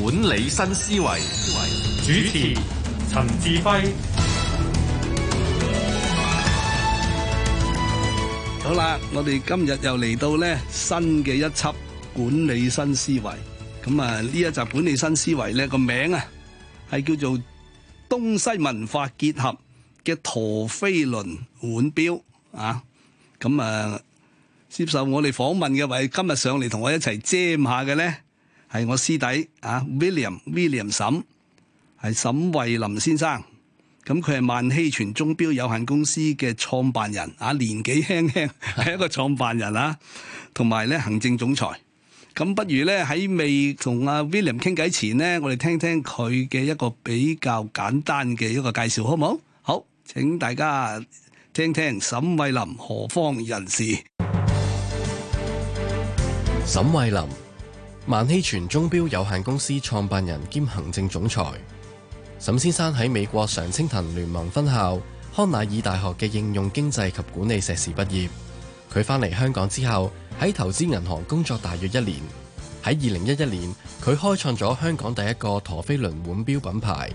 管理新思維，主持陳志輝。輝，好啦，我哋今日又嚟到咧新嘅一輯管理新思維。咁啊，呢一集管理新思維咧個名啊係叫做東西文化結合嘅陀飛輪腕錶啊。咁啊，接受我哋訪問嘅位，今日上嚟同我一齊尖下嘅咧。係我師弟啊，William，William 沈係沈慧林先生，咁佢係萬希泉鐘錶有限公司嘅創辦人，啊年紀輕輕係一個創辦人啊，同埋咧行政總裁。咁不如咧喺未同阿 William 傾偈前咧，我哋聽聽佢嘅一個比較簡單嘅一個介紹，好唔好？好，請大家聽聽沈慧林何方人士？沈慧林。萬希泉鐘錶有限公司創辦人兼行政總裁沈先生喺美國常青藤聯盟分校康乃爾大學嘅應用經濟及管理碩士畢業。佢翻嚟香港之後，喺投資銀行工作大約一年。喺二零一一年，佢開創咗香港第一個陀飛輪腕錶品牌。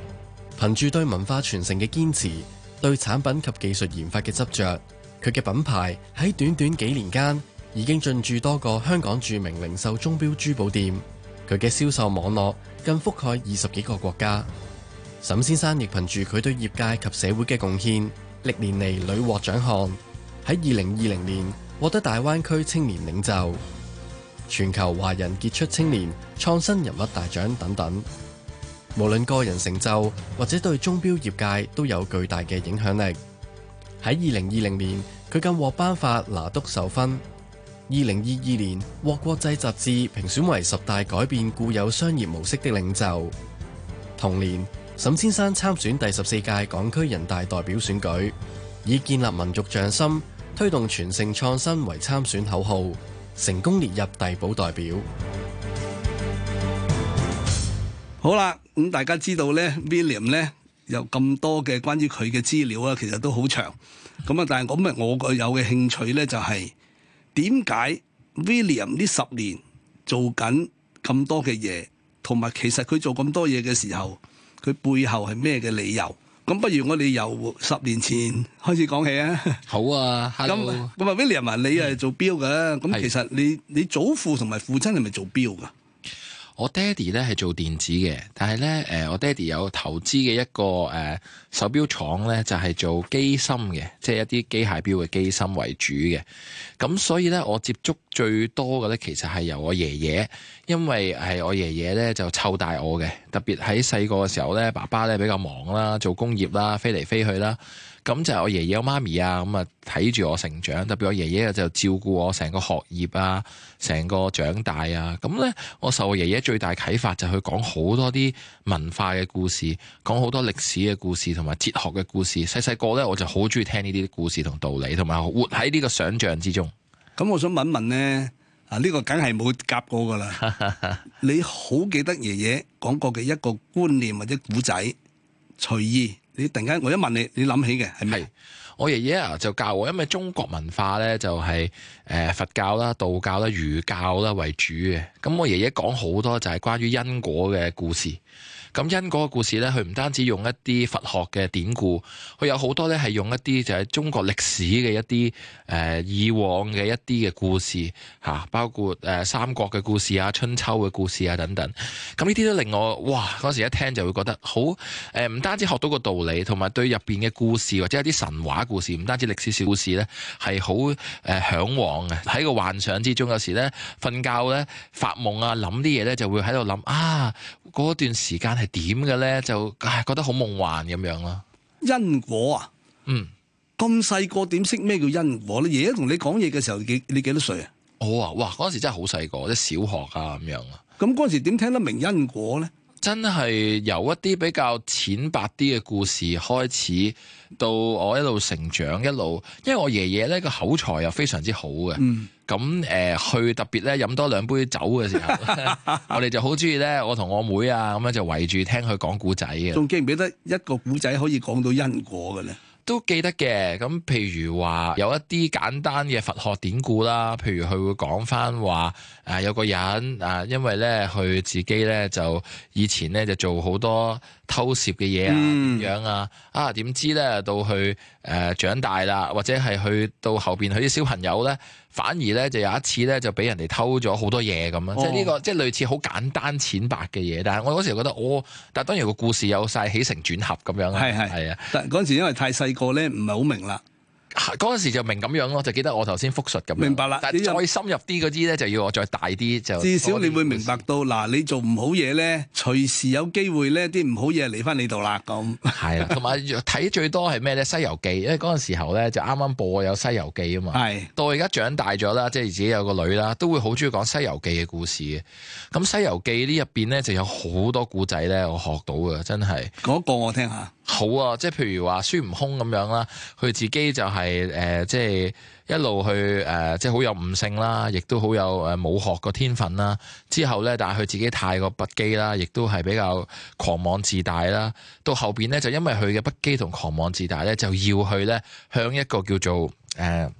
憑住對文化傳承嘅堅持，對產品及技術研發嘅執着，佢嘅品牌喺短短幾年間，已經進駐多個香港著名零售鐘錶珠寶店，佢嘅銷售網絡更覆蓋二十幾個國家。沈先生亦憑住佢對業界及社會嘅貢獻，歷年嚟屢獲獎項。喺二零二零年獲得大灣區青年領袖、全球華人傑出青年、創新人物大獎等等。無論個人成就或者對鐘錶業界都有巨大嘅影響力。喺二零二零年，佢更獲頒發拿督授勳。二零二二年獲國際雜誌評選為十大改變固有商業模式的領袖。同年，沈先生參選第十四屆港區人大代表選舉，以建立民族匠心、推動全城創新為參選口號，成功列入遞補代表。好啦，咁大家知道呢 William 呢有咁多嘅關於佢嘅資料啊，其實都好長。咁啊，但係咁咪我個有嘅興趣呢、就係，就係。點解 William 呢十年做緊咁多嘅嘢，同埋其實佢做咁多嘢嘅時候，佢背後係咩嘅理由？咁不如我哋由十年前開始講起啊！好啊，咁咁啊 William 啊，William, 你係做表噶，咁、嗯、其實你你祖父同埋父親係咪做表噶？我爹哋咧係做電子嘅，但係咧誒，我爹哋有投資嘅一個誒、呃、手錶廠咧，就係、是、做機芯嘅，即係一啲機械錶嘅機芯為主嘅。咁所以咧，我接觸最多嘅咧，其實係由我爺爺，因為係我爺爺咧就湊大我嘅，特別喺細個嘅時候咧，爸爸咧比較忙啦，做工業啦，飛嚟飛去啦。咁就係我爺爺我媽咪啊咁啊睇住我成長，特別我爺爺就照顧我成個學業啊，成個長大啊。咁咧，我受我爺爺最大啟發就去講好多啲文化嘅故事，講好多歷史嘅故事同埋哲學嘅故事。細細個咧，我就好中意聽呢啲故事同道理，同埋活喺呢個想象之中。咁、嗯、我想問問呢，啊呢、這個梗係冇夾過噶啦， 你好記得爺爺講過嘅一個觀念或者古仔，隨意。你突然間，我一問你，你諗起嘅係咪？我爺爺啊就教我，因為中國文化咧就係、是、誒、呃、佛教啦、道教啦、儒教啦為主嘅。咁我爺爺講好多就係關於因果嘅故事。咁因嗰個故事咧，佢唔單止用一啲佛學嘅典故，佢有好多咧係用一啲就係中國歷史嘅一啲誒、呃、以往嘅一啲嘅故事吓、啊，包括誒、呃、三國嘅故事啊、春秋嘅故事啊等等。咁呢啲都令我哇嗰時一聽就會覺得好誒，唔單止學到個道理，同埋對入邊嘅故事或者一啲神話故事，唔單止歷史小故事咧，係好誒向往嘅。喺個幻想之中，有時咧瞓覺咧發夢啊，諗啲嘢咧就會喺度諗啊，段時間係。點嘅咧就唉覺得好夢幻咁樣咯，因果啊，嗯，咁細個點識咩叫因果？爺爺你爺爺同你講嘢嘅時候，你你幾多歲啊？我、哦、啊，哇，嗰時真係好細個，即係小學啊咁樣啊。咁嗰時點聽得明因果咧？真係由一啲比較淺白啲嘅故事開始，到我一路成長一路，因為我爺爺咧個口才又非常之好嘅，咁誒、嗯呃、去特別咧飲多兩杯酒嘅時候， 我哋就好中意咧，我同我妹啊咁樣就圍住聽佢講古仔嘅，仲記唔記得一個古仔可以講到因果嘅咧？都記得嘅，咁譬如話有一啲簡單嘅佛學典故啦，譬如佢會講返話，誒、呃、有個人，誒、呃、因為咧佢自己咧就以前咧就做好多偷竊嘅嘢啊，點樣啊，啊點知咧到佢誒、呃、長大啦，或者係去到後邊佢啲小朋友咧。反而咧就有一次咧就俾人哋偷咗好多嘢咁啊！哦、即係呢個即係類似好簡單淺白嘅嘢，但係我嗰時覺得哦，但係當然個故事有晒起承轉合咁樣，係係係啊！嗯、的但嗰陣時因為太細個咧，唔係好明啦。嗰陣時就明咁樣咯，就記得我頭先覆述咁樣。明白啦，但你再深入啲嗰啲咧，就要我再大啲就。至少你會明白到嗱事、啊，你做唔好嘢咧，隨時有機會咧，啲唔好嘢嚟返你度啦咁。係啦，同埋睇最多係咩咧？西遊記，因為嗰陣時候咧就啱啱播有西遊記啊嘛。係是。到而家長大咗啦，即係自己有個女啦，都會好中意講西遊記嘅故事嘅。咁西遊記面呢入邊咧就有好多故仔咧，我學到嘅真係。講一個我聽一下。好啊，即係譬如話孫悟空咁樣啦，佢自己就係、是、誒，即、呃、係、就是、一路去誒，即係好有悟性啦，亦都好有武學個天分啦。之後咧，但係佢自己太過不羈啦，亦都係比較狂妄自大啦。到後邊咧，就因為佢嘅不羈同狂妄自大咧，就要去咧向一個叫做誒。呃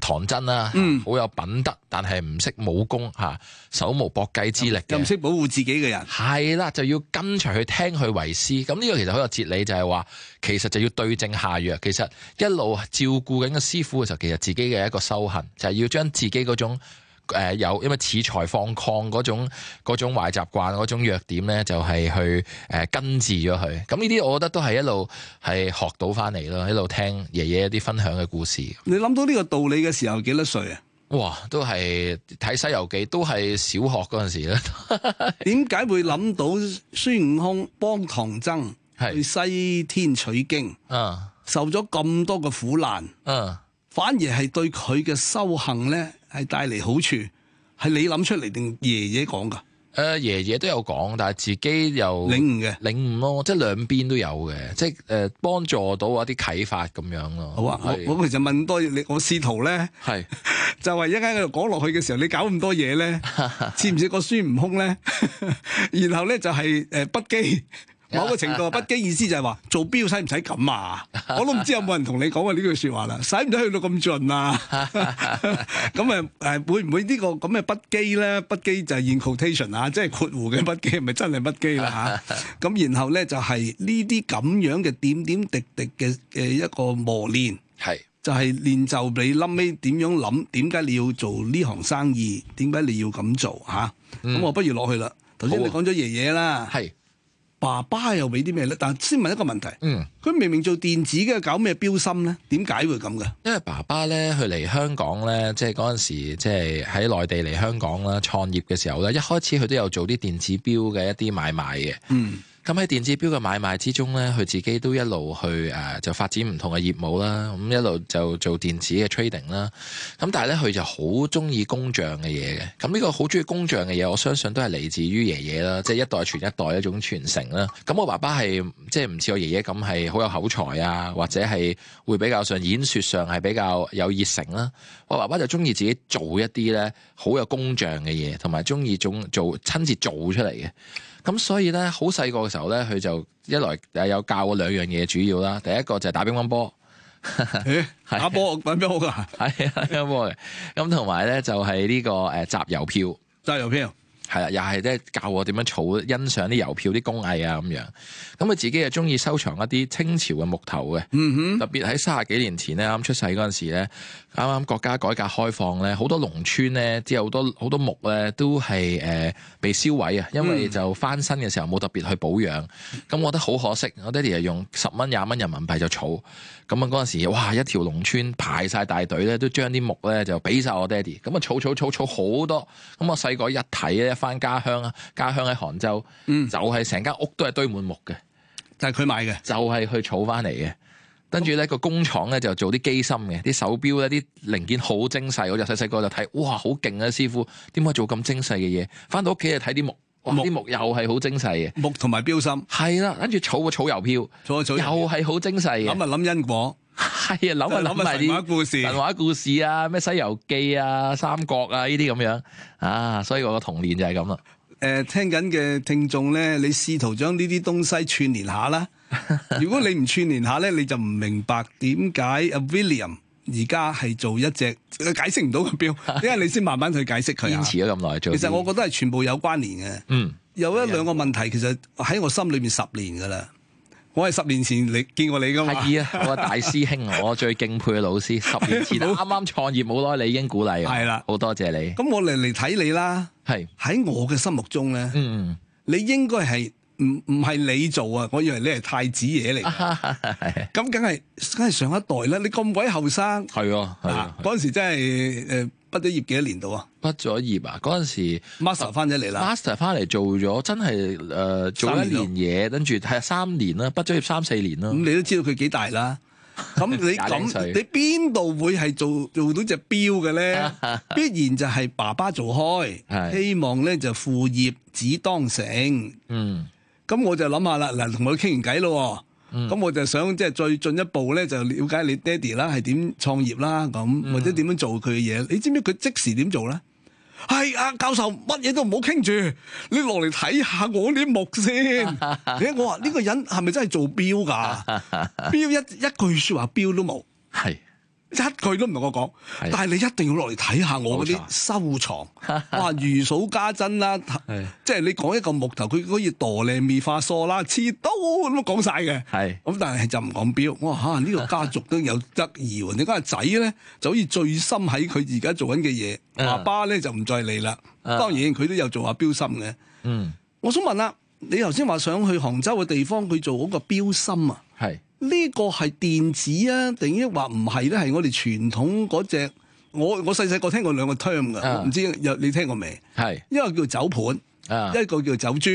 唐僧啊，嗯、好有品德，但係唔識武功吓，手無搏雞之力嘅，唔識保護自己嘅人，係啦，就要跟隨去聽佢為師。咁呢個其實好有哲理就，就係話其實就要對症下藥。其實一路照顧緊個師傅嘅時候，其實自己嘅一個修行就係、是、要將自己嗰種。誒，有因為恃才放曠嗰種嗰種壞習慣嗰種弱點咧，就係、是、去誒根治咗佢。咁呢啲我覺得都係一路係學到翻嚟，咯，一路聽爺爺啲分享嘅故事。你諗到呢個道理嘅時候幾多歲啊？哇，都係睇《西遊記》，都係小學嗰陣時咧。點 解會諗到孫悟空幫唐僧去西天取經？嗯，受咗咁多嘅苦難，嗯，反而係對佢嘅修行咧。係帶嚟好處，係你諗出嚟定爺爺講㗎？誒、呃，爺爺都有講，但係自己又領悟嘅，領悟咯，即係兩邊都有嘅，即係誒、呃、幫助到一啲啟發咁樣咯。好啊，是我我其實問多你，我試圖咧，係是 就係一間喺度講落去嘅時候，你搞咁多嘢咧，似唔似個孫悟空咧？ 然後咧呢 就係誒不羈。呃呃 某個程度啊，不羈 意思就係話做錶使唔使咁啊？我都唔知有冇人同你講過呢句説話啦，使唔使去到咁盡啊？咁啊誒，會唔會呢個咁嘅不羈咧？不羈就係 in quotation 啊，即係括弧嘅不羈，唔係真係不羈啦嚇。咁然後咧就係呢啲咁樣嘅點點滴滴嘅嘅一個磨練，係是就係練就你冧尾點樣諗，點解你要做呢行生意？點解你要咁做嚇？咁、嗯、我不如落去啦。頭先你講咗爺爺啦，係。爸爸又俾啲咩咧？但先問一個問題，嗯，佢明明做電子嘅，搞咩錶芯咧？點解會咁嘅？因為爸爸咧，佢嚟香港咧，即係嗰陣時，即係喺內地嚟香港啦，創業嘅時候咧，一開始佢都有做啲電子錶嘅一啲買賣嘅，嗯。咁喺電子錶嘅買賣之中咧，佢自己都一路去誒、啊，就發展唔同嘅業務啦。咁一路就做電子嘅 trading 啦。咁但係咧，佢就好中意工匠嘅嘢嘅。咁呢個好中意工匠嘅嘢，我相信都係嚟自於爺爺啦，即係一代傳一代一種傳承啦。咁我爸爸係即係唔似我爺爺咁係好有口才啊，或者係會比較上演說上係比較有熱誠啦。我爸爸就中意自己做一啲咧好有工匠嘅嘢，同埋中意做做親自做出嚟嘅。咁所以咧，好細個嘅時候咧，佢就一來誒有教我兩樣嘢主要啦，第一個就係打乒乓波，欸、 打波玩噶，係乒乓波嘅。咁同埋咧就係、是、呢、呢個誒集郵票，集郵票係啦，又係即係教我點樣儲欣賞啲郵票啲工藝啊咁樣。咁佢自己又中意收藏一啲清朝嘅木頭嘅，嗯、哼特別喺卅幾年前咧，啱出世嗰陣時咧。啱啱國家改革開放咧，好多農村咧，之後好多好多木咧，都係誒被燒毀啊！因為就翻新嘅時候冇特別去保養，咁、嗯、我覺得好可惜。我爹哋係用十蚊廿蚊人民幣就儲，咁啊嗰陣時哇，一條農村排晒大隊咧，都將啲木咧就俾晒我爹哋，咁啊儲儲儲儲好多。咁我細個一睇咧，翻家鄉啊，家鄉喺杭州，嗯、就係成間屋都係堆滿木嘅，但係佢買嘅就係去儲翻嚟嘅。跟住咧，個工廠咧就做啲機芯嘅啲手錶咧，啲零件好精細，我小小就細細個就睇，哇，好勁啊師傅，點解做咁精細嘅嘢？翻到屋企就睇啲木，啲木又係好精細嘅。木同埋錶芯，係啦，跟住草個草郵票，草，草，草又係好精細嘅。諗啊諗因果。係啊，諗啊諗埋啲神話故事、神話故事啊，咩西遊記啊、三國啊呢啲咁樣啊，所以我個童年就係咁啦。誒、呃，聽緊嘅聽眾咧，你試圖將呢啲東西串聯下啦。如果你唔串聯下咧，你就唔明白點解 William 而家係做一隻解釋唔到嘅表，因為你先慢慢去解釋佢。堅持咗咁耐做。其實我覺得係全部有關聯嘅。嗯，有一兩個問題，其實喺我心裏面十年噶啦。我係十年前你見過你噶嘛？係啊，我係大師兄，我最敬佩嘅老師。十年前都啱啱創業冇耐，你已經鼓勵我。係啦，好多謝你。咁我嚟嚟睇你啦。係喺我嘅心目中咧，嗯，你應該係。唔唔係你做啊！我以為你係太子爺嚟，咁梗係梗係上一代啦。你咁鬼後生，係喎嗱，嗰陣時真係誒畢咗業幾多年度啊？畢咗業啊，嗰陣時 master 翻咗嚟啦，master 翻嚟做咗真係誒做一年嘢，跟住係三年啦，畢咗業三四年啦。咁你都知道佢幾大啦？咁你咁你邊度會係做做到隻錶嘅咧？必然就係爸爸做開，希望咧就父業子當成，嗯。咁我就諗下啦，嗱，同佢傾完偈咯，咁我就想,想,、嗯、我就想即係再進一步咧，就了解你爹哋啦，係點創業啦，咁或者點樣做佢嘅嘢？你知唔知佢即時點做咧？係、哎、啊，教授，乜嘢都唔好傾住，你落嚟睇下看看我啲目先。你睇、 哎、我話呢、這個人係咪真係做錶㗎？錶 一一句說話錶都冇。係。 一句都唔同我講，是但係你一定要落嚟睇下看看我嗰啲收藏，哇沒錯 如數家珍啦，即係你講一嚿木頭，佢可以度量、未化、so、梳啦、切刀咁樣講晒嘅。係咁是，但係就唔講錶。我話吓呢個家族都有得搖，你家個仔咧就好似醉心喺佢而家做緊嘅嘢， 爸爸咧就唔再理啦。當然佢都有做下錶芯嘅。 嗯，我想問啦，你頭先話想去杭州嘅地方去做嗰個錶芯啊？係。 呢個係電子啊，定抑或唔係咧？係我哋傳統嗰隻，我我細細個聽過兩個 term 㗎，唔知有你聽過未？係一個叫走盤，一個叫走珠。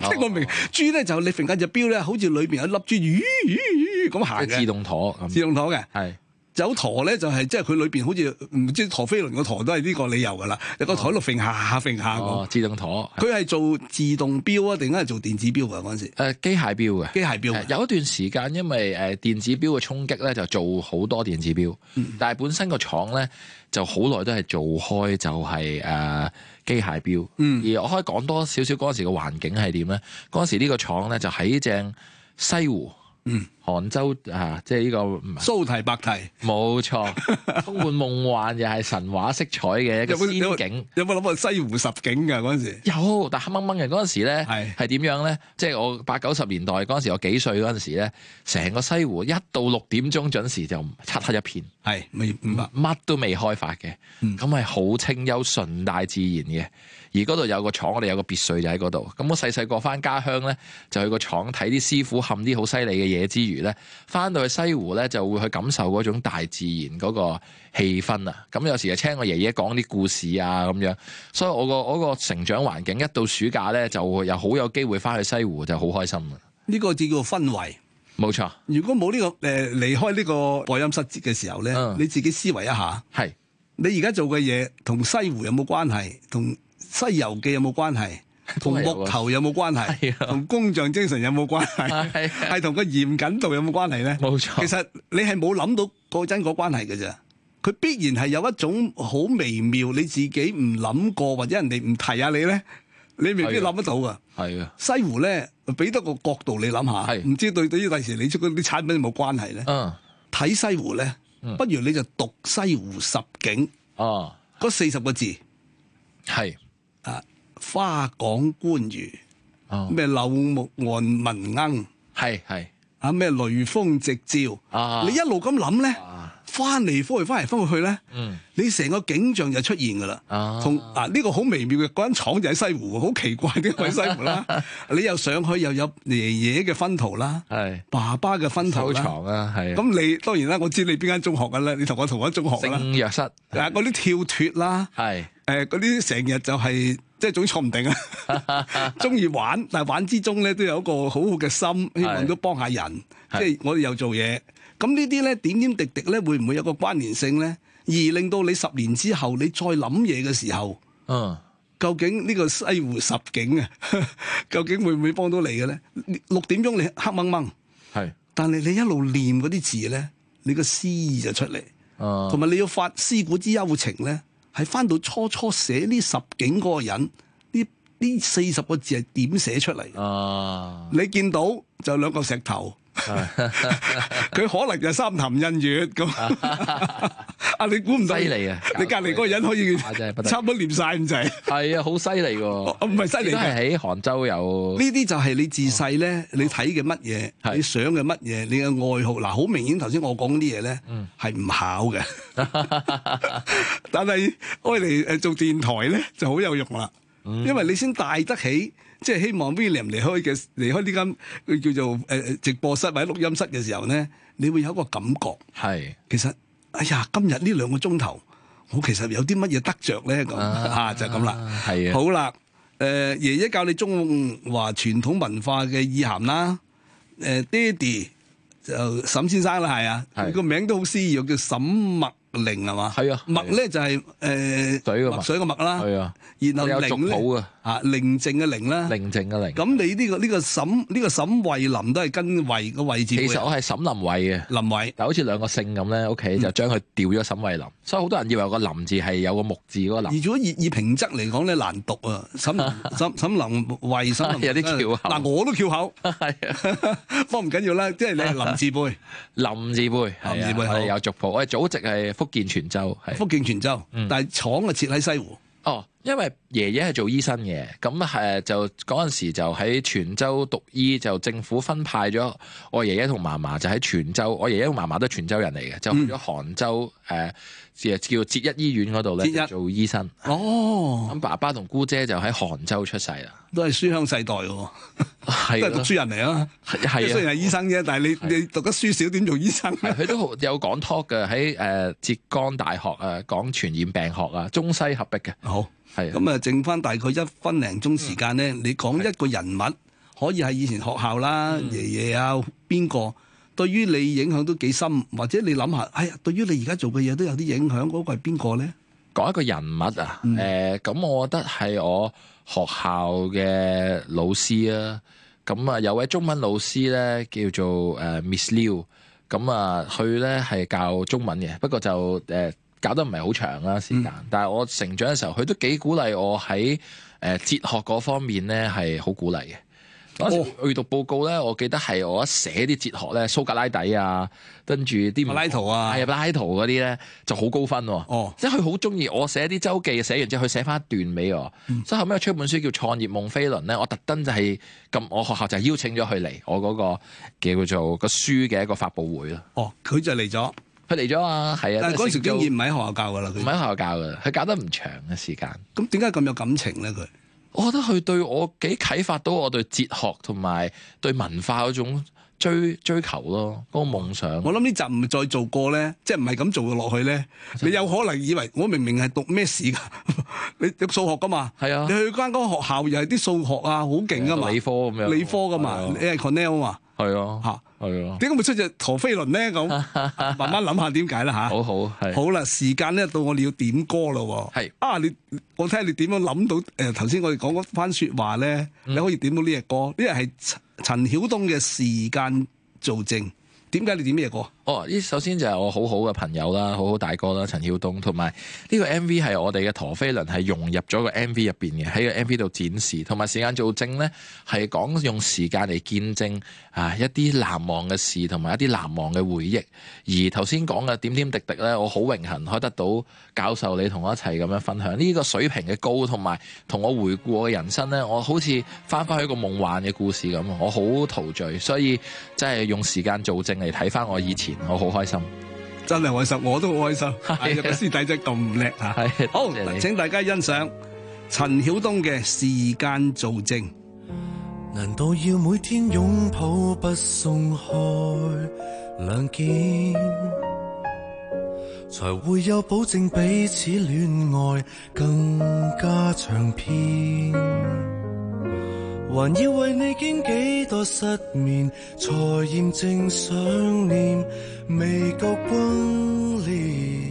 聽過未？珠咧，就你揈緊隻表咧，好似裏邊有粒珠，咦咦咦咁行嘅。自動陀，自動陀嘅，係。有陀咧就係、是、即係佢裏邊好似唔知陀飛輪個陀都係呢個理由噶啦，有個陀喺度揈下揈下咁。哦，自動陀，佢係做自動錶啊，定係做電子錶啊？嗰陣時誒，機械錶嘅機械錶。有一段時間因為誒電子錶嘅衝擊咧，就做好多電子錶，嗯、但係本身個廠咧就好耐都係做開就係誒機械錶。嗯、而我可以講多少少嗰陣時嘅環境係點咧？嗰陣時呢個廠咧就喺正西湖。嗯。杭州啊，即係呢、呢個蘇堤白堤錯，冇錯，充滿夢幻又係神話色彩嘅一個仙境。有冇諗過西湖十景噶嗰陣時？有，但黑掹掹嘅嗰陣時咧，係係點樣咧？即係我八九十年代嗰陣時，我幾歲嗰陣時咧，成個西湖一到六點鐘準時就漆黑一片，係未乜都未開發嘅，咁係好清幽順大自然嘅。而嗰度有個廠，我哋有個別墅就喺嗰度。咁我細細個翻家鄉咧，就去個廠睇啲師傅冚啲好犀利嘅嘢之餘咧，翻到去西湖咧，就會去感受嗰種大自然嗰個氣氛啊。咁有時就聽我爺爺講啲故事啊咁樣。所以我個我個成長環境一到暑假咧，就又好有機會翻去西湖就好開心啊！呢個字叫氛圍，冇錯。如果冇呢、這個誒、呃、離開呢個播音室節嘅時候咧，嗯、你自己思維一下，係是你而家做嘅嘢同西湖有冇關係？同《西遊記》有冇關係？同木頭有冇關係？同工匠精神有冇關係？係同個嚴謹度有冇關係咧？冇錯。其實你係冇諗到個因果關係嘅啫，佢必然係有一種好微妙，你自己唔諗過或者人哋唔提下你咧，你未必諗得到噶。係啊。西湖咧，俾多個角度你諗下，唔知對對於第時你出嗰啲產品有冇關係咧？睇西湖咧，不如你就讀《西湖十景》。哦，嗰四十個字係。啊！花港觀魚，咩、哦、柳木岸聞鶯，係係，啊咩雷峰夕照，啊、你一路咁諗咧。翻嚟，翻嚟，翻嚟，翻覆去咧。嗯。你成個景象就出現噶啦。啊。同啊，呢個好微妙嘅，嗰間廠就喺西湖，好奇怪嘅喺 西湖啦。你又上去又有爺爺嘅分圖啦，係是。爸爸嘅分圖啦。啊，係。咁你、啊、當然啦，我知你邊間中學噶啦，你同我同一中學啦。聖約室。是啊，嗰啲跳脫啦，係。誒，嗰啲成日就係即係總坐唔定啊。中意玩，但係玩之中咧都有一個好好嘅心，希望都幫下人。係。即係我哋又做嘢。receive elas 咁呢啲咧點點滴滴咧，會唔會有個關聯性咧？而令到你十年之後，你再諗嘢嘅時候，嗯，uh. 究竟呢個西湖十景啊， 究竟會唔會幫到你嘅咧？六點鐘你黑掹掹，係是，但係你一路念嗰啲字咧，你個詩意就出嚟，哦，同埋你要發詩古之幽情咧，係翻到初初寫呢十景嗰個人，呢呢四十個字係點寫出嚟？哦，uh. 你見到就兩個石頭。佢 可能就三潭印月咁，啊 你估唔不到犀利啊！你隔籬嗰個人可以壞差唔多練晒咁滯，係壞 啊，好犀利噶！唔係犀利都喺杭州有呢啲，就係你自細咧，哦、你睇嘅乜嘢，哦、你想嘅乜嘢，是你嘅愛好嗱，好明顯。頭先我講啲嘢咧，係唔考嘅，但係用嚟誒做電台咧就好有用啦，嗯、因為你先大得起。即係希望 William 離開嘅離開呢間佢叫做誒直播室或者錄音室嘅時候咧，你會有一個感覺。係其實，哎呀，今日呢兩個鐘頭，我其實有啲乜嘢得著咧咁啊，就咁啦。係啊，好啦，誒，爺爺教你中華傳統文化嘅意涵啦。誒，爹哋就沈先生啦，係啊，個名都好詩意，叫沈墨靈係嘛？係啊，墨咧就係誒墨水嘅墨啦。係啊，然後靈咧。啊，寧靜嘅寧啦，寧靜嘅寧。咁你呢個呢個沈呢個沈慧林都係跟慧個位置。其實我係沈林慧嘅。林慧，但係好似兩個姓咁咧，屋企就將佢調咗沈慧林。所以好多人以為個林字係有個木字嗰個林。而如果以平仄嚟講咧，難讀啊。沈沈沈林慧，有啲翹口。嗱，我都翹口。係，方唔緊要啦，即係你係林字輩。林字輩，係啊，係有族譜，我哋祖籍係福建泉州，係福建泉州，但係廠啊設喺西湖。哦，因為爺爺係做醫生嘅，咁誒就嗰陣時就喺泉州讀醫，就政府分派咗我爺爺同嫲嫲就喺泉州，我爺爺同嫲嫲都係泉州人嚟嘅，就去咗杭州誒。嗯呃叫浙一醫院嗰度咧做醫生一。哦，咁爸爸同姑姐就喺杭州出世啦，都係書香世代喎，都係讀書人嚟啊，的雖然係醫生啫，是的 但係你你讀得書少點做醫生？佢都有講 talk 嘅，喺誒浙江大學誒講傳染病學啊，中西合璧嘅。好，係咁啊，剩翻大概一分零鐘時間咧，嗯、你講一個人物可以喺以前學校啦，爺爺、嗯、啊，邊個？對於你影響都幾深，或者你諗下，哎呀，對於你而家做嘅嘢都有啲影響，嗰、那個係邊個咧？講一個人物啊，誒、嗯，咁、呃、我覺得係我學校嘅老師啊，咁啊有位中文老師呢，叫做誒、呃、Miss Liu，咁啊佢呢係教中文嘅，不過就誒教、呃、得唔係好長啦時間、嗯，但係我成長嘅時候，佢都幾鼓勵我喺、呃、哲學嗰方面呢係好鼓勵嘅。嗰時閲讀報告咧，我記得係我寫一寫啲哲學咧，蘇格拉底啊，跟住啲柏拉圖啊，係啊柏拉圖嗰啲咧就好高分喎、啊。哦，即係佢好中意我寫啲周記，寫完之後佢寫翻一段俾我。嗯、所以後尾我出本書叫《創業夢飛輪》咧，我特登就係、是、咁，我學校就邀請咗佢嚟我嗰、那個叫做個書嘅一個發佈會咯。哦，佢就嚟咗，佢嚟咗啊，係啊。但係嗰時已經唔喺學校教噶啦，唔喺學校教㗎，佢教得唔長嘅時間。咁點解咁有感情咧？佢？我覺得佢對我幾啟發到我對哲學同埋對文化嗰種追追求咯，嗰、嗰個夢想。我諗呢集唔再做過咧，即係唔係咁做落去咧？的你有可能以為我明明係讀咩史㗎？ 你讀數學㗎嘛？係啊。你去返嗰個學校又係啲數學啊，好勁㗎嘛？理科咁樣。理科㗎嘛？啊、你係 Cornell 嘛？係啊。嚇、啊！係咯，點解會出隻陀飛輪咧？咁慢慢諗下點解啦吓。好好係，好啦，時間咧到我哋要點歌咯。係是啊，你我聽你點樣諗到誒？頭、呃、先我哋講嗰番說話咧，你可以點到呢隻歌？呢隻係陳曉東嘅《時間做證》，點解你點咩歌？呢、哦、首先就係我好好嘅朋友啦，好好大哥啦，陳曉東，同埋呢個 M V 係我哋嘅陀飛輪係融入咗個 M V 入邊嘅，喺個 M V 度展示，同埋時間做證呢，係講用時間嚟見證啊一啲難忘嘅事，同埋一啲難忘嘅回憶。而頭先講嘅點點滴滴呢，我好榮幸可以得到教授你同我一齊咁樣分享呢、呢個水平嘅高，同埋同我回顧我嘅人生呢，我好似翻翻去一個夢幻嘅故事咁，我好陶醉，所以真係用時間做證嚟睇翻我以前。我好開心，真係開心，我都好開心。係啊的，師弟仔咁叻吓，的好，謝謝，請大家欣賞陳曉東嘅《時間造證》。難道要每天擁抱不鬆開兩肩，才會有保證彼此戀愛更加長篇？還要為你經幾多失眠，才驗證想念未覺轟烈，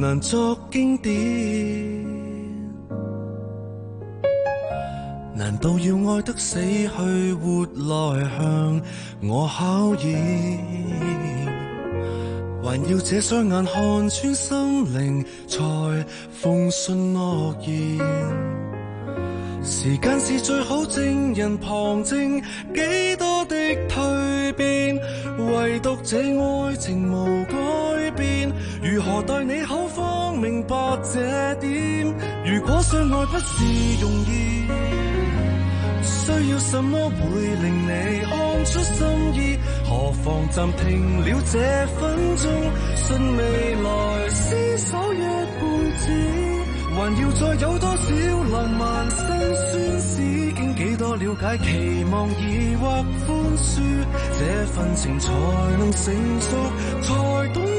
難作經典。難道要愛得死去活來，向我考驗？還要這雙眼看穿心靈，才奉信諾言。時間是最好證人旁證，幾多的蛻變，唯獨這愛情無改變。如何待你好方明白這點？如果相愛不是容易，需要什麼會令你看出心意？何妨暫停了這分鐘，信未來厮守一輩子。還要再有多少浪漫辛酸事，經幾多了解、期望、疑惑寬恕，這份情才能成熟，才懂。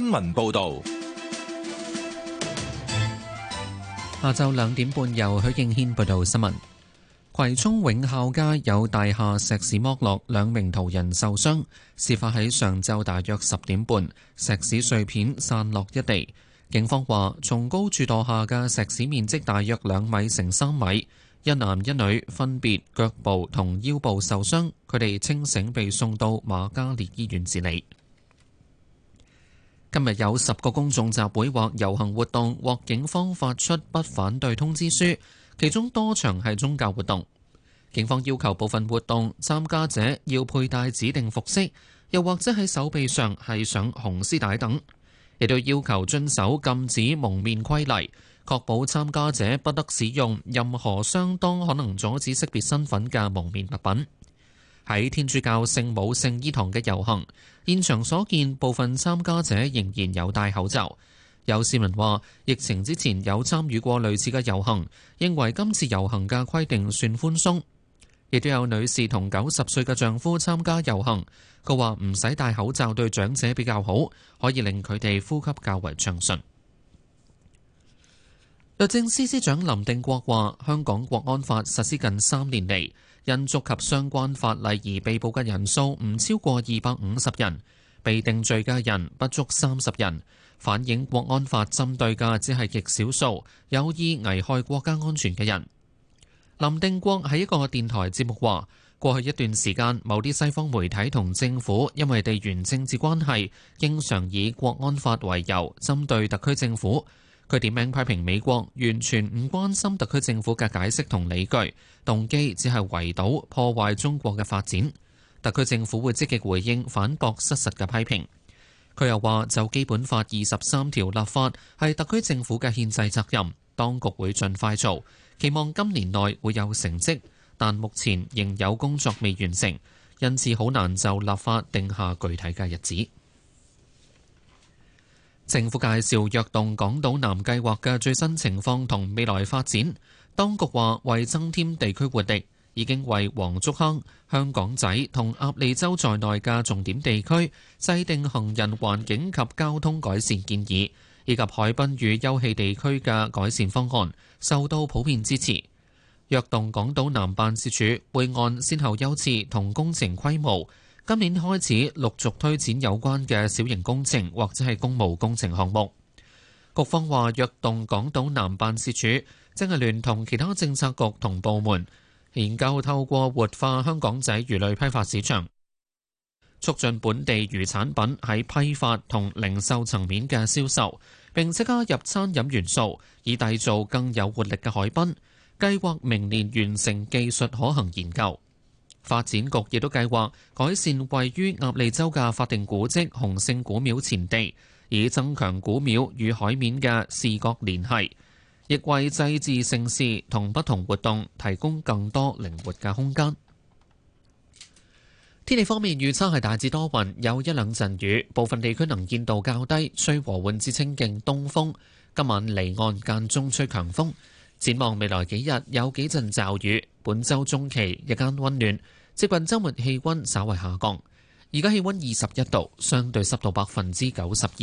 新聞報道，下晝兩點半由許敬軒報道新聞。葵涌永孝街有大廈石屎剝落，兩名途人受傷。事發喺上晝大約十點半，石屎碎片散落一地。警方話，從高處墮下嘅石屎面積大約兩米乘三米，一男一女分別腳部同腰部受傷，佢哋清醒，被送到瑪嘉烈醫院治理。今日有十個公眾集會或遊行活動獲警方發出不反對通知書，其中多場係宗教活動。警方要求部分活動參加者要佩戴指定服飾，又或者喺手臂上繫上紅絲帶等，亦都要求遵守禁止蒙面規例，確保參加者不得使用任何相當可能阻止識別身份嘅蒙面物品。喺天主教聖母聖衣堂嘅遊行，現場所見部分參加者仍然有戴口罩。有市民話，疫情之前有參與過類似嘅遊行，認為今次遊行嘅規定算寬鬆。亦都有女士同九十歲嘅丈夫參加遊行，佢話唔使戴口罩對長者比較好，可以令佢哋呼吸較為暢順。律政司司長林定國話，香港國安法實施近三年嚟。因觸及相關法例而被捕嘅人數唔超過二百五十人，被定罪嘅人不足三十人，反映國安法針對嘅只係極少數有意危害國家安全嘅人。林定國喺一個電台節目話：過去一段時間，某啲西方媒體同政府因為地緣政治關係，經常以國安法為由針對特區政府。佢點名批評美國完全唔關心特區政府嘅解釋同理據，動機只係圍堵破壞中國嘅發展。特區政府會積極回應反駁失實嘅批評。佢又話，就基本法二十三條立法係特區政府嘅憲制責任，當局會盡快做，期望今年內會有成績，但目前仍有工作未完成，因此好難就立法定下具體嘅日子。政府介紹躍動港島南計劃嘅最新情況同未來發展。當局話，為增添地區活力，已經為黃竹坑、香港仔同鴨脷洲在內嘅重點地區制定行人環境及交通改善建議，以及海濱與休憩地區嘅改善方案，受到普遍支持。躍動港島南辦事處會按先後優次同工程規模。今年開始陸續推展有關嘅小型工程或者係公務工程項目。局方話，躍動港島南辦事處，正係聯同其他政策局同部門，研究透過活化香港仔魚類批發市場，促進本地魚產品喺批發同零售層面嘅銷售，並即加入餐飲元素，以締造更有活力嘅海濱。計劃明年完成技術可行研究。發展局亦都計劃改善位於鴨脷洲嘅法定古蹟洪聖古廟前地，以增強古廟與海面嘅視覺聯繫，亦為祭祀盛事同不同活動提供更多靈活嘅空間。天氣方面，預測係大致多雲，有一兩陣雨，部分地區能見度較低，吹和緩至清勁東風。今晚離岸間中吹強風，展望未來幾日有幾陣驟雨。本周中期日間溫暖。接近周末氣溫稍為下降，而家氣溫二十一度，相對濕度百分之九十二。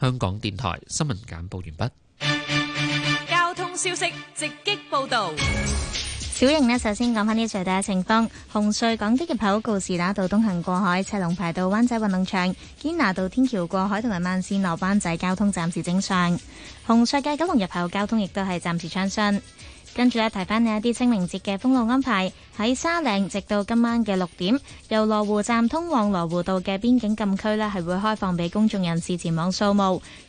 香港電台新聞簡報完畢。交通消息直擊報道，小瑩呢，首先講翻啲最大嘅情況：紅隧港的入口告士打道東行過海車龍排到灣仔運動場，堅拿道天橋過海同埋慢線落灣仔交通暫時正常，紅隧界九龍入口交通亦都係暫時暢順。跟住呢，提返你一啲清明節嘅封路安排喺沙嶺，直到今晚嘅六點，由羅湖站通往羅湖道嘅邊境禁區呢，係會開放俾公眾人士前往掃墓。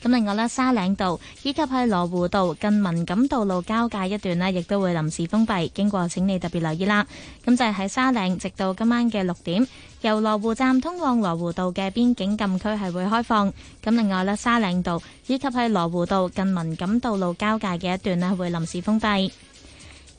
咁另外呢，沙嶺道以及喺羅湖道近文錦渡路交界一段呢，亦都會臨時封閉。經過請你特別留意啦。咁就係喺沙嶺，直到今晚嘅六點，由羅湖站通往羅湖道嘅邊境禁區係會開放。咁另外呢，沙嶺道以及喺羅湖道近文錦渡路交界嘅一段呢，會臨時封閉。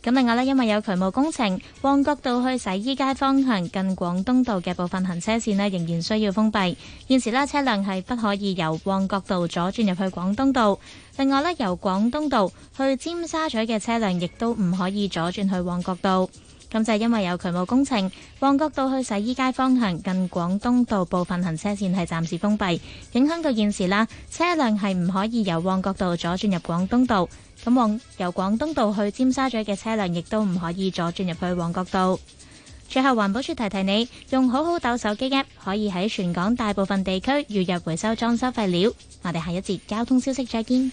咁另外咧，因為有渠務工程，旺角道去洗衣街方向近廣東道嘅部分行車線咧，仍然需要封閉。現時咧，車輛係不可以由旺角道左轉入去廣東道。另外咧，由廣東道去尖沙咀嘅車輛，亦都唔可以左轉去旺角道。咁就係因為有渠務工程，旺角道去洗衣街方向近廣東道部分行車線係暫時封閉，影響到現時啦，車輛係唔可以由旺角道左轉入廣東道。咁往由廣東道去尖沙咀嘅車輛，亦都唔可以左轉入去旺角道。最後，環保署提提你，用好好斗手機 app，可以喺全港大部分地區預約回收裝修廢料。我哋下一節交通消息再見。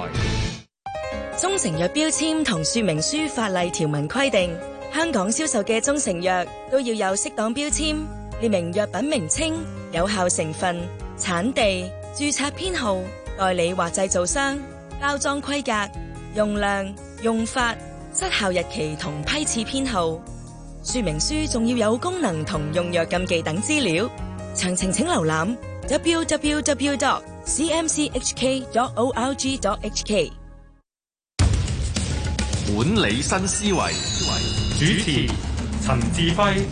台。中成藥標籤同說明書法例條文規定，香港銷售嘅中成藥都要有適當標籤，列明藥品名稱、有效成分、產地、註冊編號、代理或製造商、包裝規格、用量、用法、失效日期同批次編號。說明書仲要有功能同用藥禁忌等資料。詳情請瀏覽 www.dot c m c h k dot o r g dot h k 管理新思維，主持陳志輝。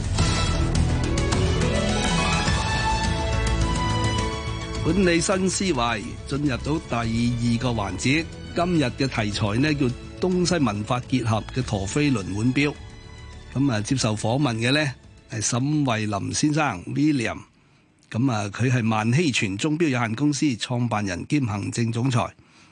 管理新思維進入到第二個環節，今日嘅題材呢叫東西文化結合嘅陀飛輪腕錶。咁啊，接受訪問嘅呢係沈慧林先生 William。咁啊，佢係萬希泉鐘錶有限公司創辦人兼行政總裁。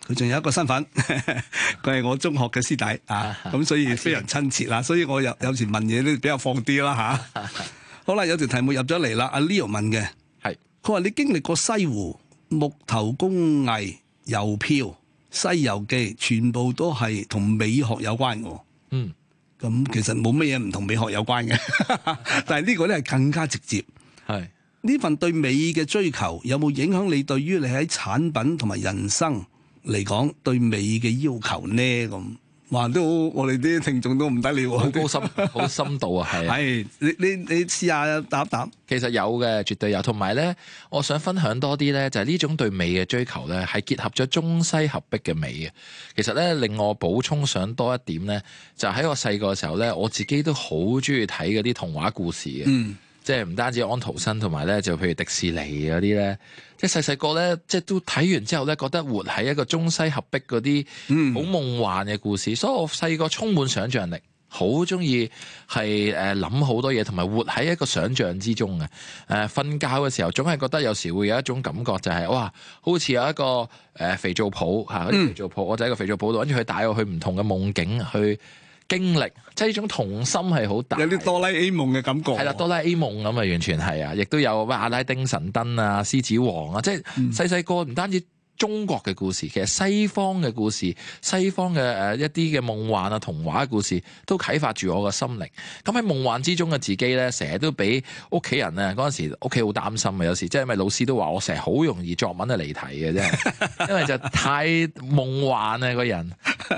佢仲有一個身份，佢 係我中學嘅師弟 啊，咁所以非常親切啦。所以我有有時問嘢都比較放啲啦吓。 好啦，有條題目入咗嚟啦，阿 Leo 問嘅，係佢話你經歷過西湖木頭工藝、郵票、西遊記，全部都係同美學有關嘅。嗯，咁、嗯、其實冇乜嘢唔同美學有關嘅， 但係呢個咧係更加直接。係。 呢份對美嘅追求有冇影響你對於你喺產品同埋人生嚟講對美嘅要求呢？咁嘩，都我哋啲聽眾都唔得了，好高深，好 深度啊！係係，你你你試下答答。試試，其實有嘅，絕對有。同埋咧，我想分享多啲咧，就係、是、呢種對美嘅追求咧，係結合咗中西合璧嘅美嘅。其實咧，令我補充想多一點咧，就喺、是、我細個時候咧，我自己都好中意睇嗰啲童話故事嘅。嗯即係唔單止安徒生同埋咧，就譬如迪士尼嗰啲咧，即係細細個咧，即係都睇完之後咧，覺得活喺一個中西合璧嗰啲好夢幻嘅故事，所以我細個充滿想像力，好中意係誒諗好多嘢，同埋活喺一個想像之中嘅誒，瞓、呃、覺嘅時候總係覺得有時會有一種感覺、就是，就係哇，好似有一個誒、呃、肥皂泡吓，啲、啊、肥皂泡，我就喺個肥皂泡度，跟住佢帶我去唔同嘅夢境去。經歷即係呢種童心係好大，有啲哆啦 A 夢嘅感覺。係啦，哆啦 A 夢咁啊，完全係啊，亦都有咩阿拉丁神燈啊、獅子王啊，即係細細個唔單止。中國嘅故事，其實西方嘅故事，西方嘅誒一啲嘅夢幻啊、童話故事，都啟發住我嘅心靈。咁喺夢幻之中嘅自己咧，成日都俾屋企人啊，陣時屋企好擔心啊，有時即係因為老師都話我成日好容易作文啊離題嘅啫，因為就太夢幻啊個人，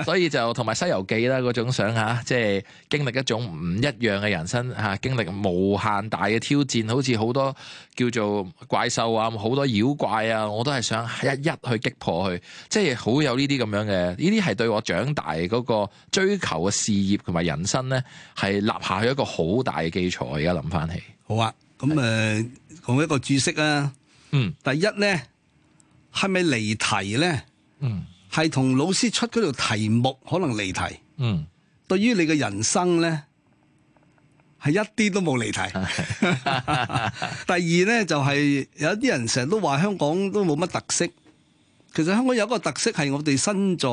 所以就同埋《西遊記》啦種想吓、啊，即係經歷一種唔一樣嘅人生吓、啊、經歷無限大嘅挑戰，好似好多叫做怪獸啊、好多妖怪啊，我都係想一一。去擊破佢，即係好有呢啲咁樣嘅，呢啲係對我長大嗰個追求嘅事業同埋人生咧，係立下去一個好大嘅基礎。而家諗翻起，好啊，咁誒講一個注釋啦、啊。嗯，第一咧係咪離題咧？嗯，係同老師出嗰條題目可能離題。嗯，對於你嘅人生咧係一啲都冇離題。 第二咧就係、是、有啲人成日都話香港都冇乜特色。其實香港有一個特色係，我哋身在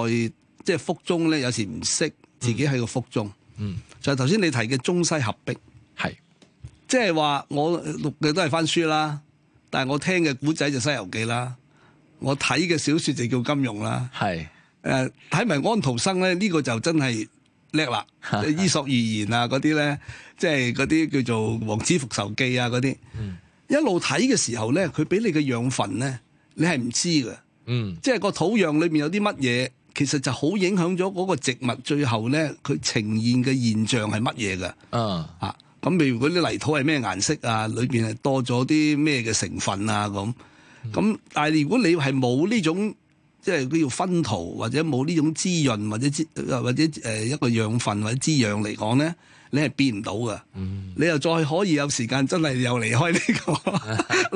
即係福中咧，有時唔識自己喺個福中。嗯，就係頭先你提嘅中西合璧，係即係話我讀嘅都係翻書啦，但係我聽嘅古仔就《西遊記》啦，我睇嘅小說就叫金庸啦。係誒睇埋安徒生咧，呢、呢個就真係叻啦，伊是索寓言啊、嗰啲咧，即係嗰啲叫做《王子復仇記》啊嗰啲。嗯、一路睇嘅時候咧，佢俾你嘅養分咧，你係唔知噶。嗯，即係個土壤裏面有啲乜嘢，其實就好影響咗嗰個植物最後咧，佢呈現嘅現象係乜嘢噶？Uh, 啊，咁，譬如嗰啲泥土係咩顏色啊，裏邊係多咗啲咩嘅成分啊，咁咁。但係如果你係冇呢種，即係佢要薰陶或者冇呢種滋潤或者或者誒一個養分或者滋養嚟講咧，你係變唔到噶。Uh, 你又再可以有時間真係又離開呢個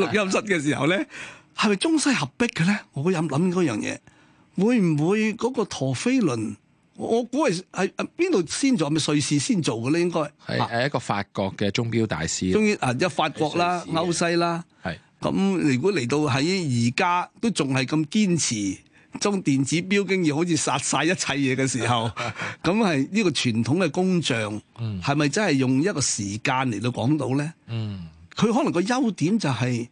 錄、uh, 音室嘅時候咧。係咪中西合璧嘅咧？我會諗嗰樣嘢，會唔會嗰個陀飛輪？我估係係邊度先做？係咪瑞士先做嘅咧？應該係係一個法國嘅鐘表大師。終於啊，一法國啦，歐西啦。係咁是，如果嚟到喺而家都仲係咁堅持，將電子表已經好似殺晒一切嘢嘅時候，咁係呢個傳統嘅工匠，係咪真係用一個時間嚟到講到咧？嗯，佢可能個優點就係、是。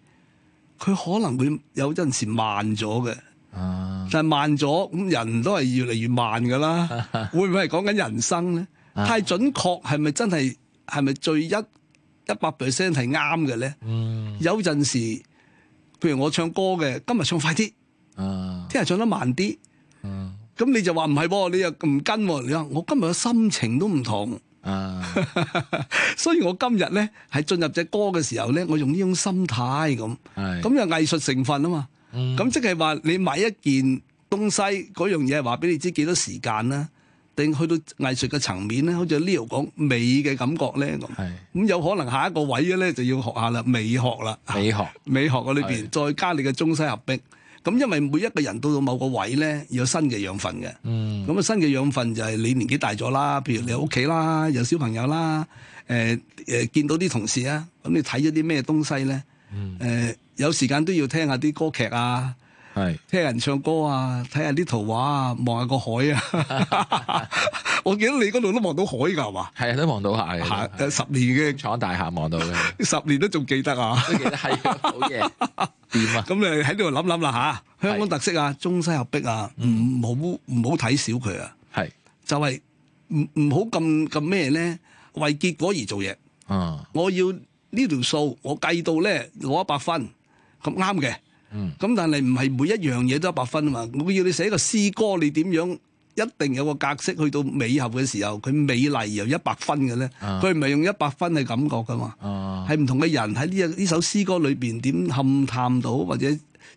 佢可能會有陣時慢咗嘅，嗯、但係，慢咗咁人都係越嚟越慢噶啦。 會唔會係講緊人生咧？太、嗯、準確係咪真係係咪最一一百 percent 係啱嘅咧？呢嗯、有陣時，譬如我唱歌嘅，今日唱快啲，聽日唱得慢啲，咁、嗯、你就話唔係喎，你又唔跟、啊，你話我今日嘅心情都唔同。啊， 所以我今日咧係進入隻歌嘅時候咧，我用呢種心態咁，咁是有藝術成分啊嘛，咁、嗯、即係話你買一件東西嗰樣嘢，話俾你知幾多時間啦，定去到藝術嘅層面咧，好似 Leo 講美嘅感覺咧咁，咁是有可能下一個位嘅咧就要學下啦，美學啦，美學美學嘅裏邊是再加你嘅中西合璧。咁因為每一個人到到某個位咧，有新嘅養分嘅。咁啊、嗯，新嘅養分就係你年紀大咗啦，譬如你屋企啦，有小朋友啦，誒、呃、誒、呃，見到啲同事啊，咁、呃、你睇咗啲咩東西咧？誒、呃，有時間都要聽下啲歌劇啊。係聽人唱歌啊，睇下啲圖畫啊，望下個海啊。 我記得你嗰度都望到海噶，係嘛？係都望到下，十年嘅坐大廈望到嘅，是十年都仲記得啊。都記得係好嘢，掂啊！咁你喺呢度諗諗啦吓，香港特色啊，中西合璧啊，唔好唔好睇少佢啊。係就係唔唔好咁咁咩咧？為結果而做嘢。啊！我要呢條數，我計到咧攞一百分，咁啱嘅。咁、嗯、但係唔係每一樣嘢都一百分啊嘛，我要你寫個詩歌，你點樣一定有個格式，去到美合嘅時候，佢美麗又一百分嘅咧，佢唔係用一百分嘅感覺噶嘛，係唔、嗯、同嘅人喺呢呢首詩歌裏邊點勘探到或者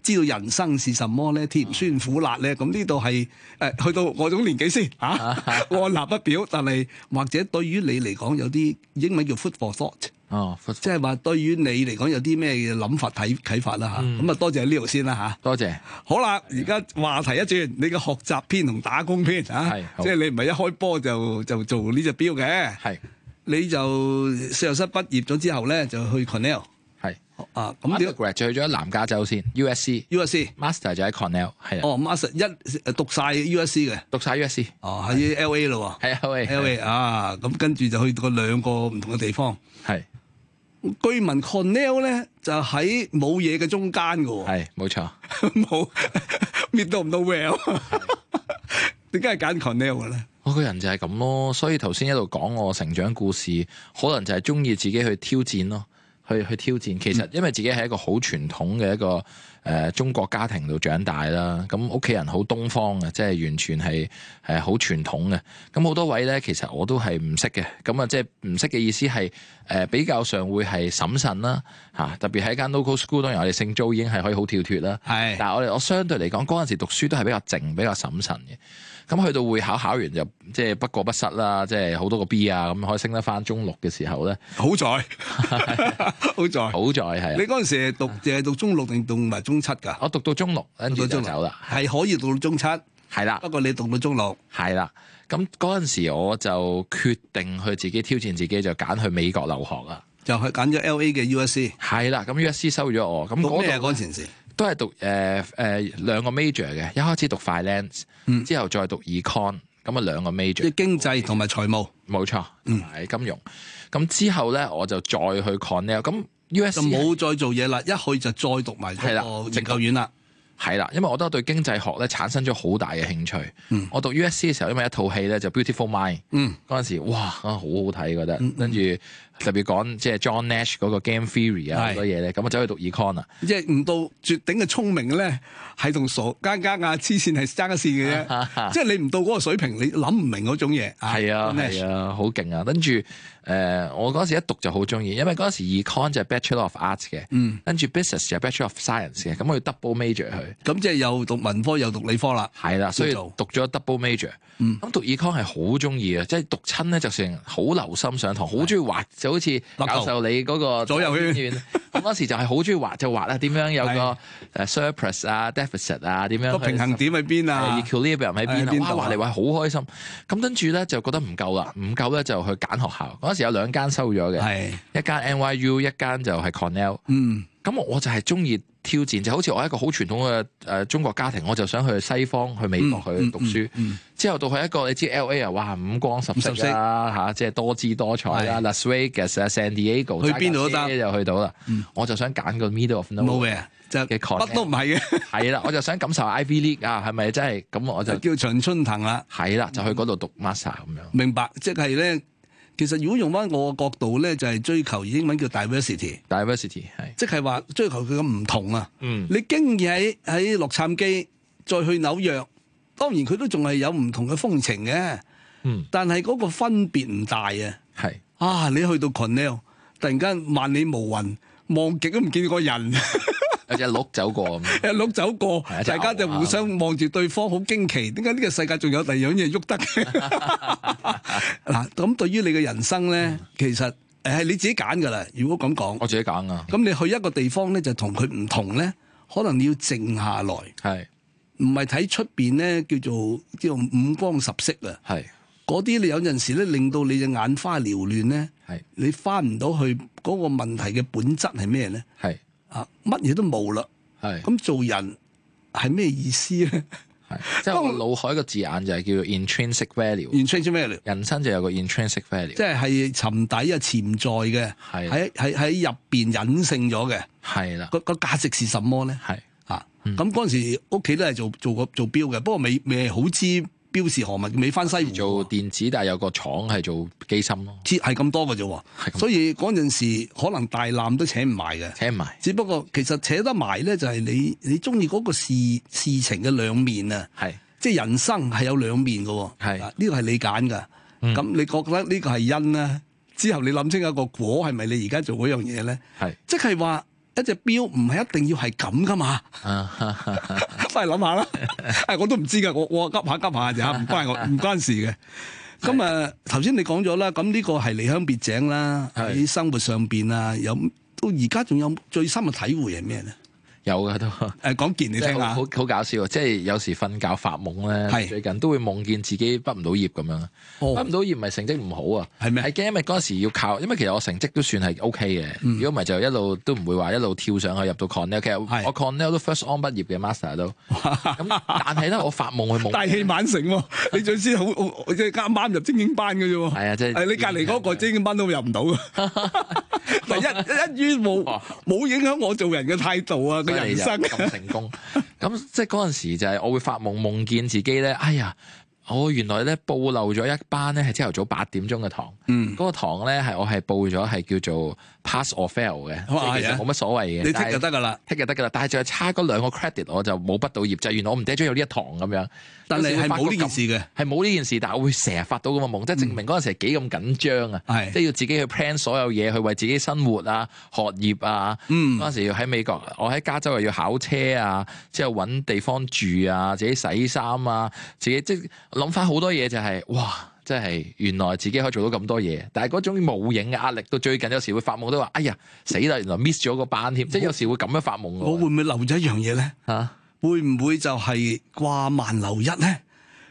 知道人生是什麼咧？甜酸苦辣咧？咁呢度係誒去到我種年紀先啊，我立不表，但係或者對於你嚟講有啲英文叫 food for thought。哦，即係話對於你嚟講有啲咩諗法睇、啟發啦嚇，咁啊多謝呢度先啦嚇，多謝。好啦，而家話題一轉，你嘅學習篇同打工篇啊，即係你唔係一開波就就做呢隻表嘅，係，你就四合身畢業咗之後咧就去 Cornell，係，啊咁點啊？Undergrad 就去咗南加州先，USC，USC，Master 就喺 Cornell，係哦，Master 一誒讀曬 USC 嘅，讀晒 USC。哦喺 LA 咯喎，係啊喂，係啊咁跟住就去過兩個唔同嘅地方，係。據聞 Cornell 咧就喺冇嘢嘅中間嘅喎，係冇錯，冇 m 到唔到 well，點解係揀 Cornell 嘅咧？ 呢我個人就係咁咯，所以頭先一路講我成長故事，可能就係鍾意自己去挑戰咯。去去挑戰，其實因為自己係一個好傳統嘅一個誒中國家庭度長大啦，咁屋企人好東方嘅，即係完全係係好傳統嘅。咁好多位呢，其實我都係唔識嘅，咁啊即係唔識嘅意思係誒、呃、比較上會係審慎啦嚇，特別喺間 local school，當然我哋姓周已經係可以好跳脱啦，係是，但係我哋我相對嚟講嗰陣時讀書都係比較靜，比較審慎嘅。咁去到會考考完就即係不過不失啦，即係好多個 B 啊，咁可以升得翻中六嘅時候咧，好在，好在，好在係。你嗰陣時讀就係讀中六定讀埋中七噶？我讀到中六，跟住就走啦，係可以讀到中七，係啦。不過你讀到中六，係啦。咁嗰陣時我就決定去自己挑戰自己，就揀去美國留學啦。就去揀咗 L A 嘅 U S C，係啦。咁 U S C 收咗我，咁嗰陣，嗰陣時都係讀誒誒兩個 major 嘅，一開始讀 finance，、嗯、之後再讀 econ，咁啊兩個 major。即係經濟同埋財務，冇錯，嗯，係金融。咁之後咧，我就再去 Cornell，咁 USC 冇再做嘢啦，一去就再讀埋一個研究院啦，係啦，因為我都對經濟學咧產生咗好大嘅興趣。嗯、我讀 USC 嘅時候，因為一套戲咧就 Beautiful Mind，嗯，嗰陣時哇好好睇，我覺得，跟住、嗯。特別講即係 John Nash 嗰個 game theory 啊，好多嘢咧，咁啊走去讀 Econ 啊、er，即係唔到絕頂嘅聰明咧。喺度傻加加啊黐線，係爭一線嘅啫。 即係你唔到嗰個水平，你諗唔明嗰種嘢。係啊，係啊，好勁啊！跟住誒，我嗰時一讀就好中意，因為嗰時 Econ 就係 Bachelor of Arts 嘅。嗯。跟住 Business 就係 Bachelor of Science 嘅，咁我要 double major 去。咁、嗯、即係又讀文科又讀理科啦。係啦、嗯，所以讀咗 double major。嗯。咁讀 Econ 係好中意啊，即係讀親咧，就算、是、好留心上堂，好中意畫，就好似教授你嗰個左右邊邊。我嗰右 時就係好中意畫，就畫啦，點樣有個誒 surprise 的啊啊，點樣平衡點喺邊啊？equilibrium 喺邊啊？哇！話嚟話好開心，咁跟住咧就覺得唔夠啦，唔夠咧就去揀學校。嗰時有兩間收咗嘅，一間 NYU，一間就係 Cornell。嗯，咁我就係中意挑戰，就好似我一個好傳統嘅誒中國家庭，我就想去西方，去美國去讀書。之後到去一個你知 LA 啊，哇，五光十色啊，嚇，即係多姿多彩啊。Las Vegas、San Diego，去邊度都得，就去到啦。我就想揀個 middle of nowhere 就嘅乜都唔係嘅，係 啦，我就想感受 Ivy League 啊，係咪真係咁？我就，就叫長春藤啦，係啦，就去嗰度讀 master 咁樣。明白，即係咧，其實如果用翻我個角度咧，就係、是、追求英文叫 diversity，diversity 係，即係話追求佢嘅唔同啊。嗯，你經然喺喺洛杉磯，再去紐約，當然佢都仲係有唔同嘅風情嘅。嗯，但係嗰個分別唔大啊。係是啊，你去到 Cornell，突然間萬里無雲，望極都唔見個人。 一隻鹿走過， 一隻鹿走過，啊、大家就互相望住對方，好驚奇。點解呢個世界仲有第二樣嘢喐得嘅？嗱，咁對於你嘅人生咧，其實誒係、哎、你自己揀噶啦。如果咁講，我自己揀噶。咁你去一個地方咧，就同佢唔同咧，可能你要靜下來。係是，唔係睇出邊咧叫做叫做五光十色啊。係是，嗰啲你有陣時咧令到你嘅眼花繚亂咧。係是，你翻唔到去嗰個問題嘅本質係咩咧？係是。啊！乜嘢都冇啦，係咁是做人係咩意思咧？係即係我腦海個字眼就係叫做 intrinsic value，intrinsic value，, 過 intrinsic value 人生就有個 intrinsic value，即係係沉底啊，潛在嘅，係喺喺喺入邊隱性咗嘅，係啦的，個個價值是什麼咧？係啊，咁嗰陣時屋企都係做做個做錶嘅，不過未未好知。標示何物，未翻西做電子，但係有個廠係做機芯咯。係係咁多嘅啫，所以嗰陣時可能大纜都扯唔埋嘅。扯唔埋，只不過其實扯得埋咧，就係你你中意嗰個事事情嘅兩面啊。係是，即係人生係有兩面嘅。係是，呢個係你揀㗎。咁、嗯、你覺得個呢個係因咧，之後你諗清一個果係咪你而家做嗰樣嘢咧？係是，即係話。一隻表唔係一定要係咁噶嘛翻嚟諗下啦。我都唔知噶，我我噏下噏下咋，唔關我，唔 關事嘅。咁啊的，頭先你講咗啦，咁呢個係離鄉別井啦，喺的生活上邊啊，有到而家仲有最深嘅體會係咩咧？有噶都誒講健你聽好好搞笑啊！即、就、係、是、有時瞓覺發夢咧，是最近都會夢見自己畢唔到業咁樣，畢唔到業唔係成績唔好啊，係咩嗎？係驚因為嗰陣時要靠，因為其實我成績都算係 OK 嘅。如果唔係就一路都唔會話一路跳上去入到 Connel。其實我 Connel 都 First On a r 畢業嘅 Master 都， 但係咧我發夢去夢大器晚成喎，啊。你最衰好即係啱啱入精英班嘅啫喎。係啊， 即係你隔離嗰個精英班都入唔到，第一一於冇冇影響我做人嘅態度啊！咁成功，咁 即係嗰陣時就係我會發夢，夢見自己咧，哎呀，我原來咧報漏咗一班咧係朝頭早八點鐘嘅堂，嗯，嗰個堂咧係我係報咗係叫做 pass or fail 嘅哇，即係其實冇乜所謂嘅 tick 就得噶啦 tick 就得噶啦，但係仲係差嗰兩個 credit 我就冇畢到業就原來我唔記得咗有呢一堂咁樣。係冇呢件事嘅，係冇呢件事，但係我會成日發到咁嘅夢，即係、嗯、證明嗰陣時幾咁緊張啊！是 即係要自己去 plan 所有嘢，去為自己生活啊、學業啊。嗰陣、嗯、時要喺美國，我喺加州又要考車啊，之後搵地方住啊，自己洗衫啊，自己即係諗翻好多嘢、就是，就係哇！即係原來自己可以做到咁多嘢，但係嗰種無形嘅壓力，到最近有時會發夢都話：哎呀，死啦！原來 miss 咗個班添。我即係有時會咁樣發夢。我會唔會留咗一樣嘢咧？吓、啊？會唔會就係掛萬留一咧？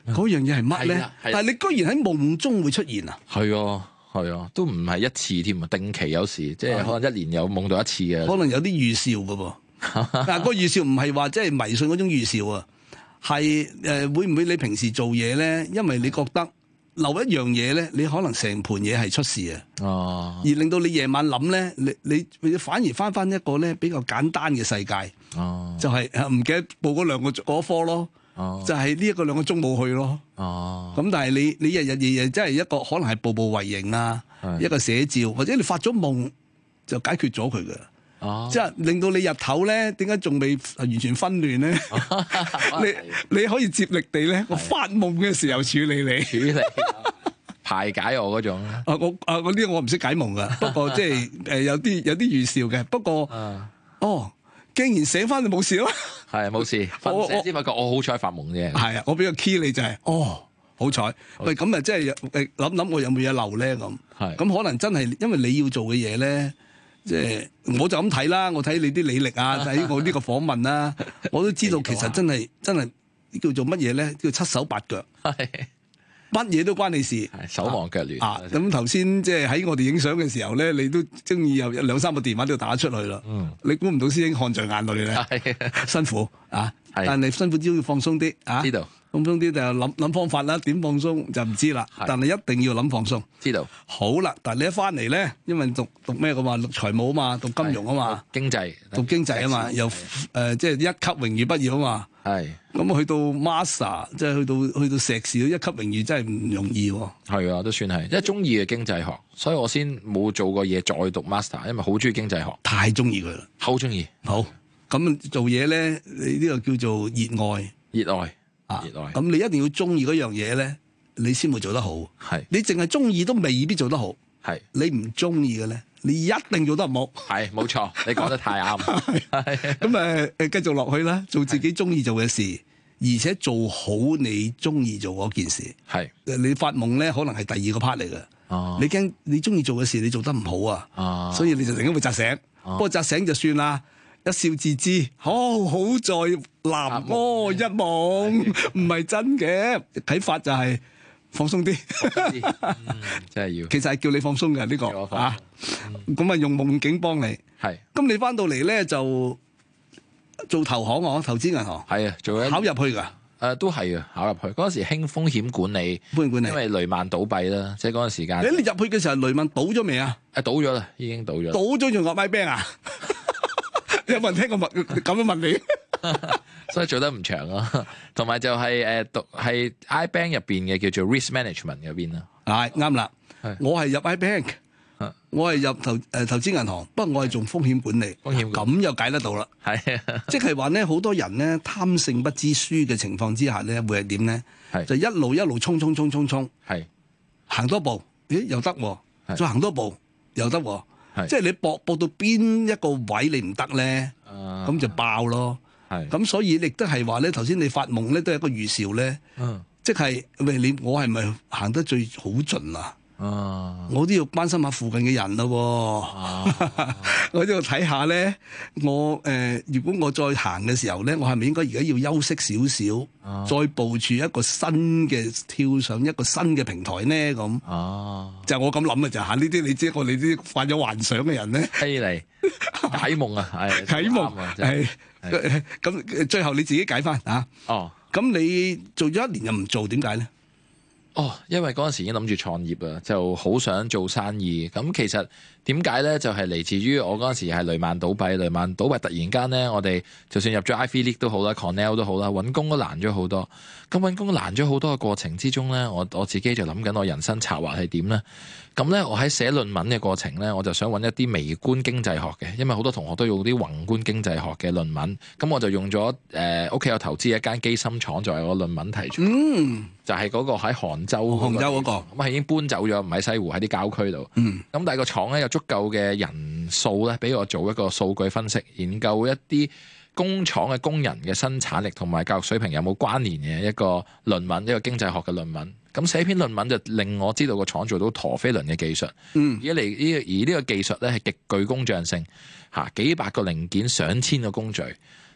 嗰、嗯、樣嘢係乜咧？啊啊、但係你居然喺夢中會出現啊？係啊，係啊，都唔係一次添啊，定期有時，即係可能一年有夢到一次嘅、嗯。可能有啲預兆嘅噃，但個預兆唔係話即係迷信嗰種預兆啊，係誒、呃、會唔會你平時做嘢咧？因為你覺得留一樣嘢咧，你可能成盤嘢係出事啊。哦、嗯，而令到你夜晚諗咧，你你反而翻翻一個咧比較簡單嘅世界。哦，就係唔記得報嗰兩個科咯，就係呢一個兩個鐘冇去咯哦。哦，咁但係你你日日夜夜即係一個可能係步步為營啊，是的 一個寫照，或者你發咗夢就解決咗佢嘅。哦，即係令到你日頭咧，點解仲未完全分亂咧？哦、 你你可以接力地咧，我發夢嘅時候處理你， 處理、啊、排解我嗰種。啊，我啊嗰啲我唔識解夢噶，不過即係誒有啲有啲預兆嘅，不過哦。哦竟然醒翻就冇事咯，係冇事。我發覺我只不過我好彩發夢啫。係啊，我我，我俾個 key, 我 key 你就係、是，哦好彩、就是。喂，咁啊即係誒諗諗我有冇嘢漏咧咁。係，咁的可能真係因為你要做嘅嘢咧，即、呃、係我就咁睇啦。我睇你啲履歷啊，睇我呢個訪問啦， 我都知道其實真係真係叫做乜嘢咧？叫七手八腳。係。乜嘢都關你事，啊、手忙腳亂啊！咁頭先即係喺我哋影相嘅時候咧，你都中意有有兩三個電話都打出去啦。嗯，你估唔到師兄看着眼內你咧，係，辛苦啊！係，但係辛苦都要放鬆啲啊。知道。咁鬆啲就諗諗方法啦，點放鬆就唔知啦。是但係一定要諗放鬆。知道好啦，但係你一翻嚟咧，因為讀讀咩嘅嘛，讀財務嘛，讀金融啊嘛，經濟讀經濟啊嘛，的又誒即係一級榮譽畢業啊嘛。係咁的去到 master，即係去到去到碩士，一級榮譽真係唔容易、啊。係啊，都算係，因為中意嘅經濟學，所以我先冇做過嘢再讀 master，因為好中意經濟學，太中意佢啦，好中意。好咁好做嘢咧，你呢個叫做熱愛，熱愛。咁你一定要中意嗰樣嘢咧，你先會做得好。係你淨係中意都未必做得好。係你唔中意嘅咧，你一定做得唔好。係，冇錯，你講得太啱。咁誒，繼續落去啦，做自己中意做嘅事，而且做好你中意做嗰件事。係你發夢咧，可能係第二個 part 嚟嘅。哦，你驚你中意做嘅事你做得唔好啊。哦，所以你就成日會扎醒。不過扎醒就算啦。一笑自知，哦，好在南柯一夢，唔係真嘅。睇法就係、是、放鬆啲，真係要。其實係叫你放鬆嘅呢個啊，咁啊用夢境幫你係。咁是你翻到嚟咧就做投行哦，投資銀行係啊，做考入去噶，誒、呃、都係啊，考入去嗰時興風險管理，風險管理，因為雷曼倒閉啦，即係嗰陣時間。你入去嘅時候，雷曼倒咗未啊？誒，倒咗啦，已經倒咗。倒咗仲學買餅啊？ 有冇人聽過問咁樣問你？ 所以做得唔長咯，同埋就係、是、誒、呃、讀係 iBank 入邊嘅叫做 risk management 入邊啊，啱啦。我係入 iBank，我係入投誒投資銀行，不過我係做風險管理。風險咁又解得到啦，係即係話咧，好多人咧貪勝不知輸嘅情況之下咧，會係點咧？是就一路一路衝衝衝衝衝、衝、衝，係是行多步，咦又得喎、啊，再行多步又得喎、啊。是即係你搏搏到邊一個位你唔得咧，咁、啊、就爆咯。係咁是，所以亦都係話咧，頭先你發夢咧都係一個預兆咧。嗯、啊，即係喂，你我係咪行得最好盡啊？哦，我都要關心下附近嘅人咯、啊啊， 我都要睇下咧。我、呃、誒，如果我再行嘅時候咧，我係咪應該而家要休息少少，啊、再部署一個新嘅，跳上一個新嘅平台呢？咁哦，啊、就我咁諗嘅就吓，呢、啊、啲你知我你啲發咗幻想嘅人咧，犀利，啟夢啊，係啟夢，係咁最後你自己解翻啊。哦，咁你做咗一年又唔做，點解咧？哦，因為嗰陣時已經諗住創業啊，就好想做生意。咁其實點解呢？就係嚟自於我嗰陣時係雷曼倒閉，雷曼倒閉突然間呢，我哋就算入咗 Ivy League 都好啦，Cornell 都好啦，揾工都難咗好多。咁揾工難咗好多嘅過程之中呢，我我自己就諗緊我人生策劃係點呢？咁呢，我喺寫論文嘅過程呢，我就想揾一啲微觀經濟學嘅，因為好多同學都用啲宏觀經濟學嘅論文，咁我就用咗誒屋企有投資一間機芯廠作為、就是、我論文題材，嗯、就係嗰個喺杭州，杭州嗰個，咁、那個嗯、已經搬走咗，唔喺西湖，喺啲郊區度，嗯，咁但係個廠呢，有足夠嘅人數咧，俾我做一個數據分析，研究一啲。工廠嘅工人嘅生產力同埋教育水平有冇關聯嘅一個論文，一個經濟學嘅論文。咁寫篇論文就令我知道個廠做到陀飛輪嘅技術。嗯，而嚟呢，而呢個技術呢，係極具工匠性，吓幾百個零件，上千個工序。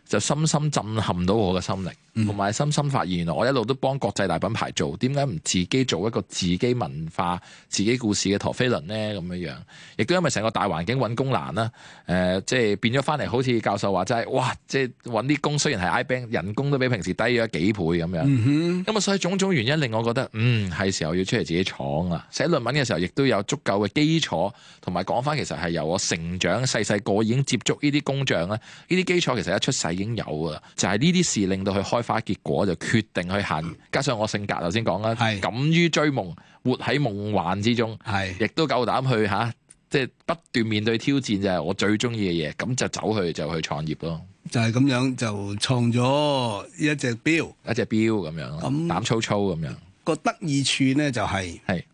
就深深震撼到我嘅心靈，同埋、嗯、深深發現原來我一路都幫國際大品牌做，點解唔自己做一個自己文化、自己故事嘅陀飛輪咧？咁樣樣，亦都因為成個大環境揾工難啦。誒、呃，即、就、係、是、變咗翻嚟，好似教授話齋，哇！即係揾啲工，雖然係 I bank 人工都比平時低咗幾倍咁樣咁啊，嗯、哼所以種種原因令我覺得，嗯，係時候要出嚟自己闖啊！寫論文嘅時候，亦都有足夠嘅基礎，同埋講翻其實係由我成長細細個已經接觸呢啲工匠啦，呢啲基礎其實一出世。已經有噶啦，就係呢啲事令到佢開花結果，就決定去行。加上我性格頭先講啦，係是敢於追夢，活喺夢幻之中，係是亦都夠膽去吓，即、啊、係、就是、不斷面對挑戰就係、是、我最中意嘅嘢。咁就走去就去創業咯，就係咁樣就創咗一隻表，一隻表咁樣，膽、嗯、粗粗咁樣。個得意處呢就係、是，係是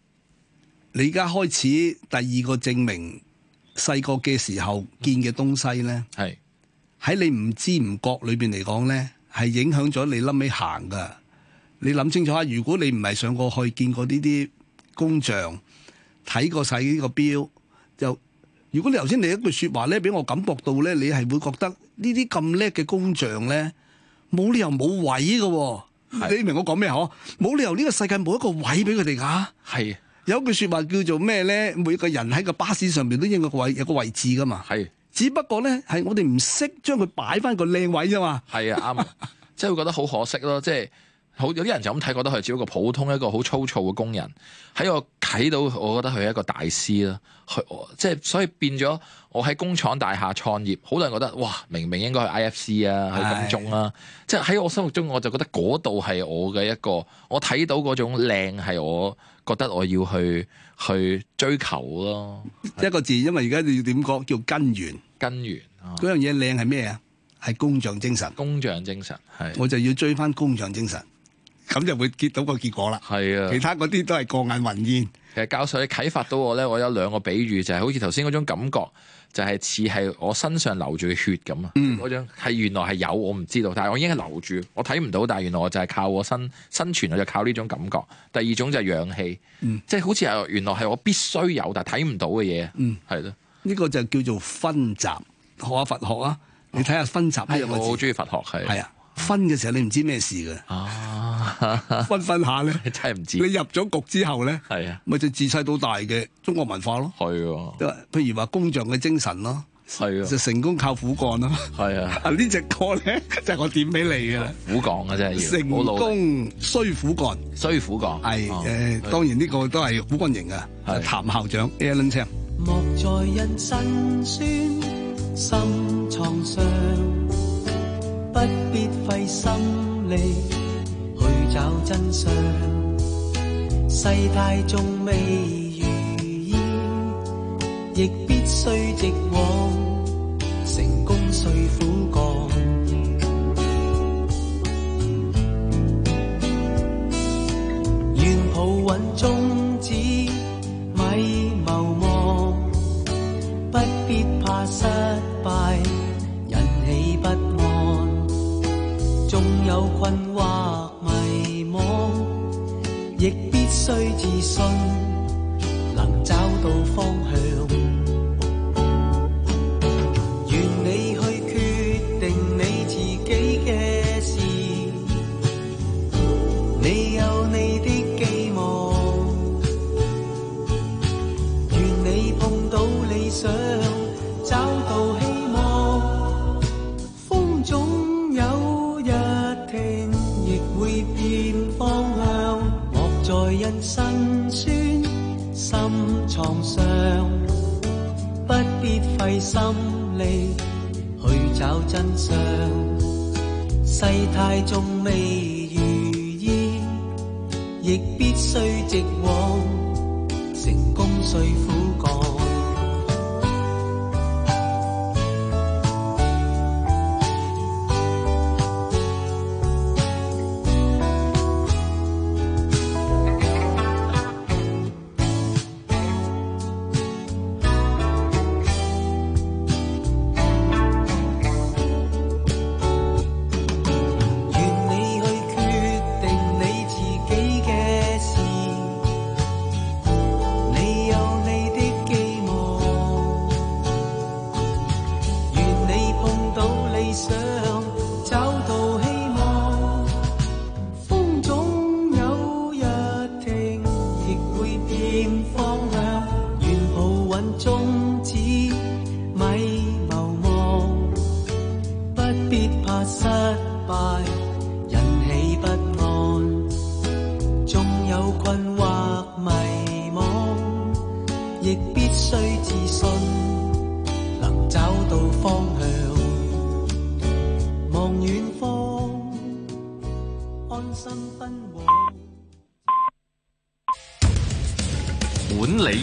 你而家開始第二個證明細個嘅時候見嘅東西呢。係。喺你唔知唔覺裏邊嚟講咧，係影響咗你冧尾行㗎。你諗清楚下，如果你唔係上過去見過呢啲工匠，睇過晒呢個表，就如果你頭先你一句説話咧，俾我感覺到咧，你係會覺得呢啲咁叻嘅工匠咧，冇理由冇位㗎。是你明我講咩呵？冇理由呢個世界冇一個位俾佢哋㗎。係是有一句説話叫做咩咧？每個人喺個巴士上邊都應該個位有個位置㗎嘛。係。只不過呢，係我哋唔識將佢擺翻個靚位咋嘛？係 啊，啱。即係會覺得好可惜咯。即係好有啲人就咁睇，覺得佢只不過普通一個好粗糙嘅工人，喺我睇到，我覺得佢係一個大師啦。即係所以變咗，我喺工廠大廈創業，好多人覺得哇，明明應該係 IFC 啊，係金鐘啊。唉即係喺我心目中，我就覺得嗰度係我嘅一個，我睇到嗰種靚係我。覺得我要去去追求咯，一個字，因為而家你要點講叫根源，根源嗰樣嘢靚係咩啊？係工匠精神，工匠精神係我就要追翻工匠精神，咁就會結到個結果啦。係啊的，其他嗰啲都係過眼雲煙。其實教授，你啟發到我咧，我有兩個比喻，就係、是、好似頭先嗰種感覺。就係似係我身上流住血咁啊！嗰種係原來係有我唔知道，但係我已經係流住，我睇唔到，但係原來我就係靠我身生存，我就靠呢種感覺。第二種就係氧氣，即係、嗯、好似係原來係我必須有，但係睇唔到嘅嘢，係咯。呢個就叫做分集，學下佛學啊！你睇下分集呢兩個字，哦、我好中意佛學，係。係啊。分嘅時候你唔知咩事㗎，分分下咧，真係唔知。你入咗局之後咧，係啊，咪就自細到大嘅中國文化咯。係喎，譬如話工匠嘅精神咯，係啊,就成功靠苦幹咯。係啊，呢隻歌咧就係我點俾你嘅啦，苦幹啊真係要。成功需苦幹，需苦幹。係誒，當然呢個都係苦幹型嘅。譚校長 Alan，莫在人身酸，心創傷不必費心力去找真相，世態仲未如意，亦必須直往。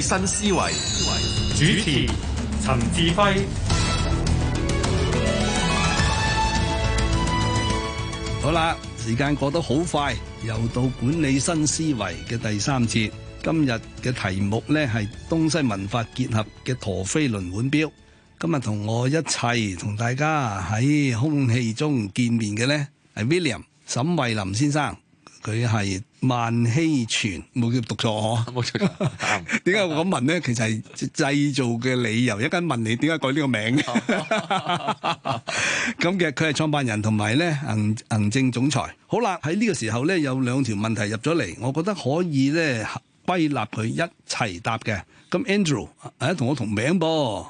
新思維，主持陳志輝。好啦，時間過得好快，又到管理新思維嘅第三節。今日嘅題目呢係東西文化結合嘅陀飛輪腕錶。今日同我一齊同大家喺空氣中見面嘅呢，係 William 沈慧林先生，佢係。萬希泉，冇叫讀錯，嗬，冇錯。點解我咁問咧？其實係製造嘅理由，一陣問你點解改呢個名。咁嘅，佢係創辦人同埋咧行行政總裁。好啦，喺呢個時候咧，有兩條問題入咗嚟，我覺得可以咧歸納佢一齊答嘅。咁 Andrew，誒、啊、同我同名噃，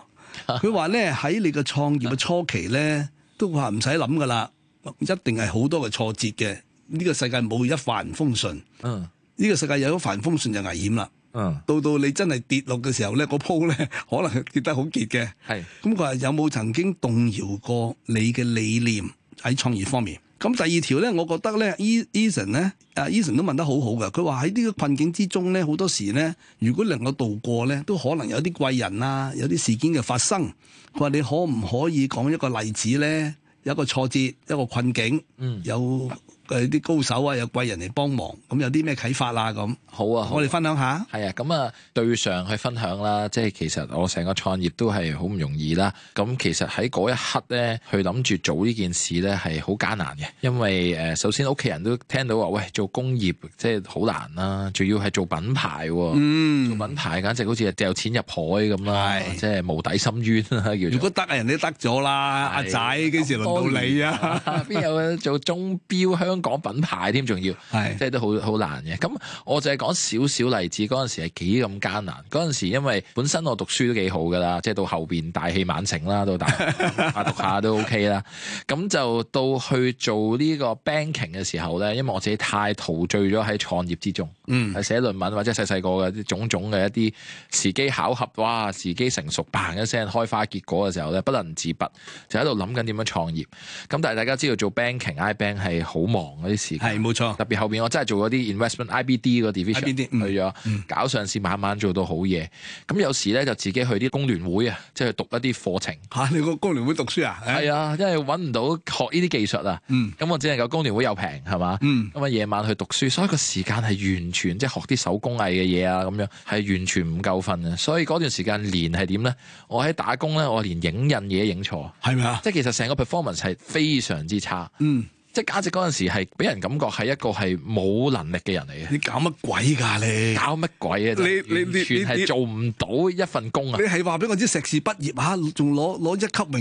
佢話咧喺你嘅創業嘅初期咧，都話唔使諗噶啦，一定係好多嘅挫折嘅。呢個世界冇一帆風順，嗯，呢個世界有一帆風順就危險啦，嗯，到到你真係跌落嘅時候咧，嗰鋪咧可能跌得好結嘅，係是，咁佢話有冇曾經動搖過你嘅理念喺創業方面？咁第二條咧，我覺得咧，Eason 咧，啊 Eason 都問得好好嘅，佢話喺呢個困境之中咧，好多時咧，如果能夠度過咧，都可能有啲貴人啊，有啲事件嘅發生。佢話你可唔可以講一個例子咧？有一個挫折，一個困境，嗯，有。啲高手啊，有貴人嚟幫忙，咁有啲咩啟發啊？咁好啊，好啊，我哋分享下。係啊，咁啊對上去分享啦，即係其實我成個創業都係好唔容易啦。咁其實喺嗰一刻呢，去諗住做呢件事呢係好艱難嘅，因為誒首先屋企人都聽到話，喂做工業即係好難啦，仲要係做品牌，嗯，做品牌簡直好似掉錢入海咁啦，唉即係無底深淵啊！如果得啊，人都得咗啦，阿仔幾時輪到你啊？邊有，有做鐘錶香？講品牌添，仲要，是即係都好好難嘅。咁我就係講少少例子，嗰陣時係幾咁艱難。嗰陣時因為本身我讀書都幾好噶啦，即係到後邊大器晚成啦，到大學、 啊、讀下都 OK 啦。咁就到去做呢個 banking 嘅時候呢，因為我自己太陶醉咗喺創業之中，嗯，係寫論文或者細細個嘅種種嘅一啲時機巧合，哇，時機成熟，嘭一聲開花結果嘅時候呢，不能自拔，就喺度諗緊點樣創業。咁但係大家知道做 banking，I bank 係好忙。嗰啲事係冇錯，錯特別後邊我真係做嗰啲 investment IBD 個 division 去咗，搞上市，慢慢做到好嘢。咁有時咧就自己去啲工聯會、就是、啊，即係讀一啲課程。吓，你個工聯會讀書啊？係啊，因為搵唔到學呢啲技術啊。嗯，咁我只能夠工聯會又平係嘛？嗯，咁啊夜晚去讀書，所以個時間係完全即係、就是、學啲手工藝嘅嘢啊，咁樣係完全唔夠瞓啊。所以嗰段時間連係點咧？我喺打工咧，我連影印嘢影錯，係咪啊？即係其實成個 performance 係非常之差。嗯。即係家姐嗰陣時係俾人感覺係一個係冇能力嘅人嚟嘅。你搞乜鬼㗎你？搞乜鬼啊！你你你你係做唔到一份工啊！你係話俾我知碩士畢業吓，仲攞攞一級榮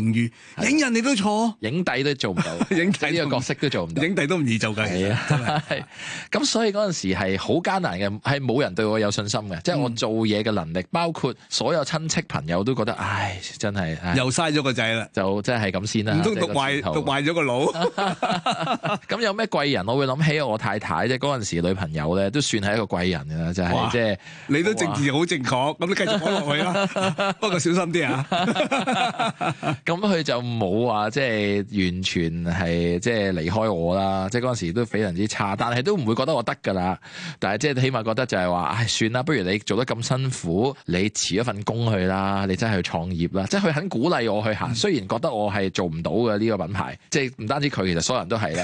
譽，影人你都錯，影帝都做唔到，影帝呢個角色都做唔到，影帝都唔易做嘅。咁所以嗰陣時係好艱難嘅，係冇人對我有信心嘅，即係我做嘢嘅能力，包括所有親戚朋友都覺得，唉，真係又嘥咗個仔啦，就真係咁先啦。唔通讀壞讀壞咗個腦？咁 有咩貴人？我會諗起我太太即嗰陣時女朋友咧都算係一個貴人噶啦，就係即係你都政治好正確，咁都繼續講落去啦。 不過小心啲啊！咁 佢 就冇話即係完全係即係離開我啦。即係嗰陣時都非常之差，但係都唔會覺得我得噶啦。但係即係起碼覺得就係話唉，算啦，不如你做得咁辛苦，你辭咗份工去啦，你真係去創業啦。即係佢肯鼓勵我去行，雖然覺得我係做唔到嘅呢個品牌，即係唔單止佢，其實所有人都係。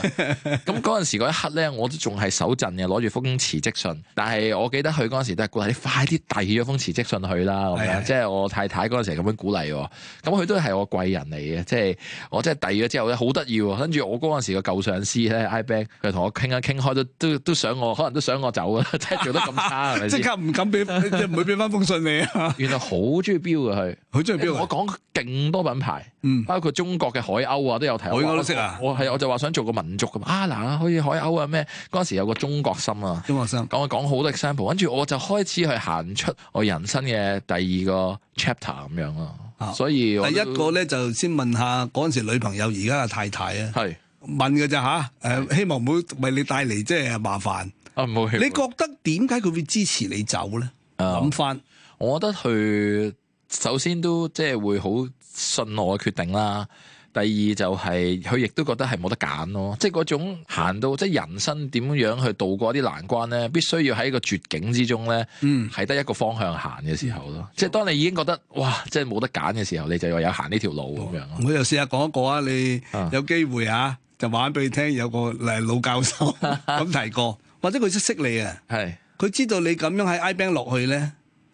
咁嗰陣時嗰一刻咧，我都仲係手震嘅，攞住封辭職信。但係我記得佢嗰陣時都係鼓勵你快啲遞咗封辭職信去啦。咁樣，即係我太太嗰陣時咁樣鼓勵。咁佢都係我貴人嚟嘅。即係我真係遞咗之後咧，好得意。跟住我嗰陣時個舊上司咧，I Bank 佢同我傾一傾開都都想我，可能都想我走啊，即 係做得咁差， 刻 即刻唔敢俾，即係唔會俾翻封信你啊。 原來好中意標嘅佢，好中意標。我講勁多品牌，包括中國嘅海鷗啊，嗯、有我都有睇海鷗識啊？我係我就話想做個。民族咁啊嗱，好似海鷗啊咩，嗰陣時有個中國心啊，中國心講講好多 example，跟住我就開始去行出我人生嘅第二個 chapter 咁樣咯。啊、所以第一個咧就先問下嗰陣時女朋友而家嘅太太是啊，係問嘅咋吓？誒希望唔會為你帶嚟即係麻煩。啊，冇。你覺得點解佢會支持你走咧？諗翻、啊，回我覺得佢首先都即係會好信我嘅決定啦。第二就係佢亦都覺得係冇得揀咯，即係嗰種行到即係人生點樣去度過啲難關咧，必須要喺一個絕境之中咧，係得、嗯、一個方向行嘅時候咯。嗯、即係當你已經覺得哇，即係冇得揀嘅時候，你就唯有行呢條路咁樣。我又試下講一個啊，你有機會啊，就話俾你聽，有個誒老教授咁提過，或者佢識識你啊，係佢是知道你咁樣喺 I bank 落去咧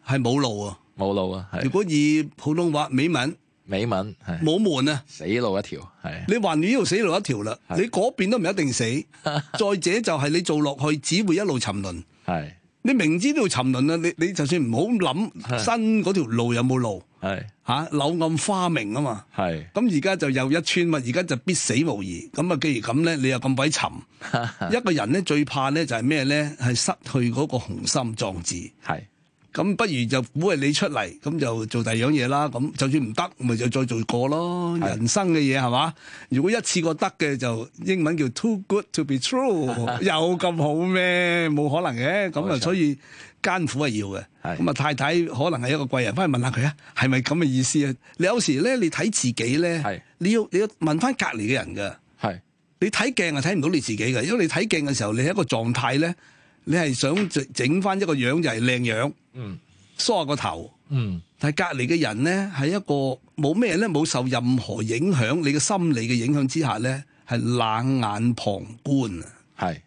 係冇路啊，冇路啊。如果以普通話美文。美文係冇門啊，死路一條。係，你橫住呢條死路一條啦，是你嗰邊都唔一定死。 再者就係你做落去只會一路沉淪。係是你明知呢度沉淪啊，你你就算唔好諗新嗰條路有冇路，係吓是、啊、柳暗花明啊嘛。係咁而家就又一村嘛，而家就必死無疑。咁啊，既然咁咧，你又咁鬼沉。 一個人咧最怕咧就係咩咧？係失去嗰個雄心壯志。係。 咁不如就鼓勵你出嚟，咁就做第二樣嘢啦。咁就算唔得，咪就再做過咯。的人生嘅嘢係嘛？如果一次過得嘅，就英文叫 too good to be true，有咁 好咩？冇可能嘅。咁啊像，所以艱苦係要嘅。咁啊的，太太可能係一個貴人，翻去問下佢啊，係咪咁嘅意思啊？你有時咧，你睇自己咧，你要你要問翻隔離嘅人㗎。的你睇鏡啊，睇唔到你自己嘅，因為你睇鏡嘅時候，你係一個狀態咧。你係想整整翻一個樣就係靚樣，梳下個頭，但係隔籬嘅人咧係一個冇咩咧，冇受任何影響，你嘅心理嘅影響之下咧係冷眼旁觀啊，係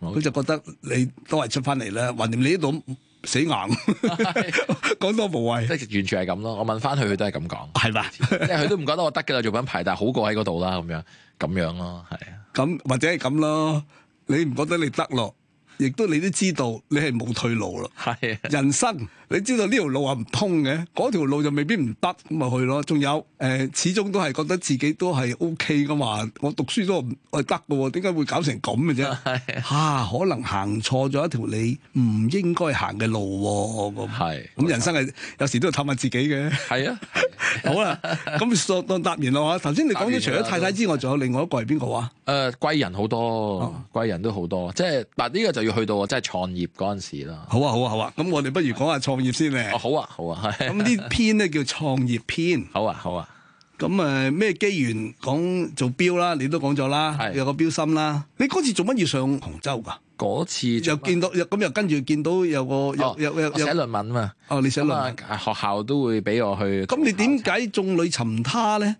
佢就覺得你都係出翻嚟啦，橫掂你呢度死硬，講多無謂，即係完全係咁咯。我問翻佢，佢都係咁講，係嘛，即係佢都唔覺得我得㗎啦，做品牌但係好過喺嗰度啦，咁樣咁樣咯，係啊，咁或者係咁咯，你唔覺得你得咯？亦都你都知道，你係冇退路啦。係 人生。你知道呢條路話唔通嘅，嗰條路就未必唔得，咁咪去咯。仲有誒、呃，始終都係覺得自己都係 O K 嘅嘛。我讀書都係得嘅喎，點解會搞成咁嘅啫？嚇、啊啊，可能行錯咗一條你唔應該行嘅路喎。咁咁人生係、啊、有時都要探下自己嘅。係啊，啊 好啦，咁當答完啦嚇。頭先你講咗除咗太太之外，仲有另外一個係邊個啊？誒、呃，貴人好多，啊、貴人都好多，即係嗱呢個就要去到即係創業嗰陣時啦。好啊，好啊，好啊，咁我哋不如講下創業。創業先啊、哦！好啊，好啊，咁啲篇咧叫創業篇。好啊，好啊。咁誒，咩機緣講做錶啦？你都講咗啦，是有個錶心啦。你嗰次,次做乜要上杭州噶？嗰次就見到又咁又跟住見到有個有、哦、有寫論文嘛？哦，你寫論文，學校都會俾我去。咁你點解眾裏尋他咧？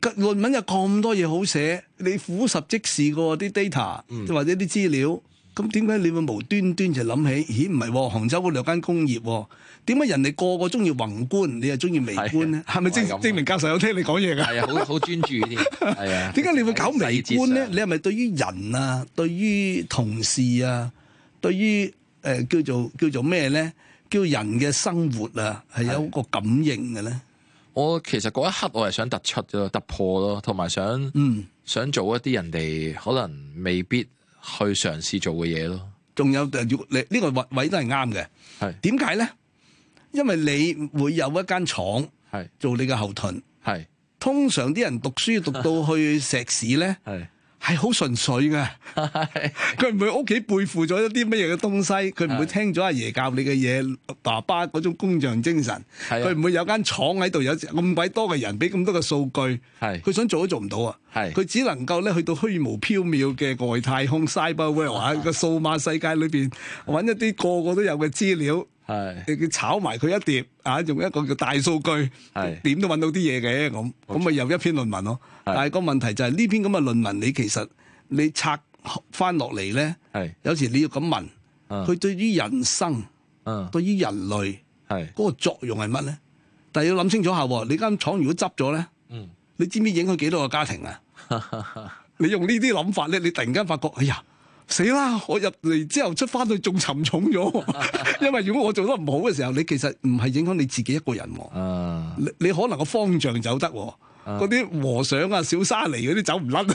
論文有咁多嘢好寫，你苦十即事噶啲 data，或者啲資料。嗯咁點解你會無端端就諗起？咦，唔係喎，杭州嗰兩間工業，點解人哋個個中意宏觀，你又中意微觀咧？係咪證證明教授有聽你講嘢㗎？係啊，好好專注嘅添。啊、 哎呀，點解你會搞微觀咧？你係咪對於人啊，對於同事啊，對於誒、呃、叫做叫做咩咧？叫人嘅生活啊，係有一個感應嘅咧？我其實嗰一刻我係想突出咗，突破咯，同埋想嗯想做一啲人哋可能未必。去嘗試做嘅嘢咯，仲有就你呢個位位都係啱嘅。係點解咧？因為你會有一間廠係做你嘅後盾。係是通常啲人讀書讀到去碩士咧。係。 係好純粹嘅，佢唔 會屋企背負咗一啲乜嘢嘅東西，佢唔會聽咗阿爺教你嘅嘢，爸爸嗰種工匠精神，佢唔 會有間廠喺度有咁鬼多嘅人，俾咁多嘅數據，佢 想做都做唔到啊！佢 只能夠咧，去到虛無縹緲嘅外太空，Cyberware 個數碼世界裏邊揾一啲個個都有嘅資料。係，你炒埋佢一碟，啊，用一個叫大數據，點都搵到啲嘢嘅咁，咁咪又一篇論文咯。但係個問題就係呢篇咁嘅論文，你其實你拆返落嚟咧，有時你要咁問，佢對於人生，對於人類，嗰個作用係乜咧？但係要諗清楚下，你間廠如果執咗咧，你知唔知影響幾多個家庭啊？你用呢啲諗法咧，你突然間發覺，哎呀！死啦！我入嚟之後出翻去仲沉重咗， 因為如果我做得唔好嘅時候，你其實唔係影響你自己一個人喎。你、uh、你可能個方丈走得，嗰啲、uh、和尚啊、小沙彌嗰啲走唔甩。咁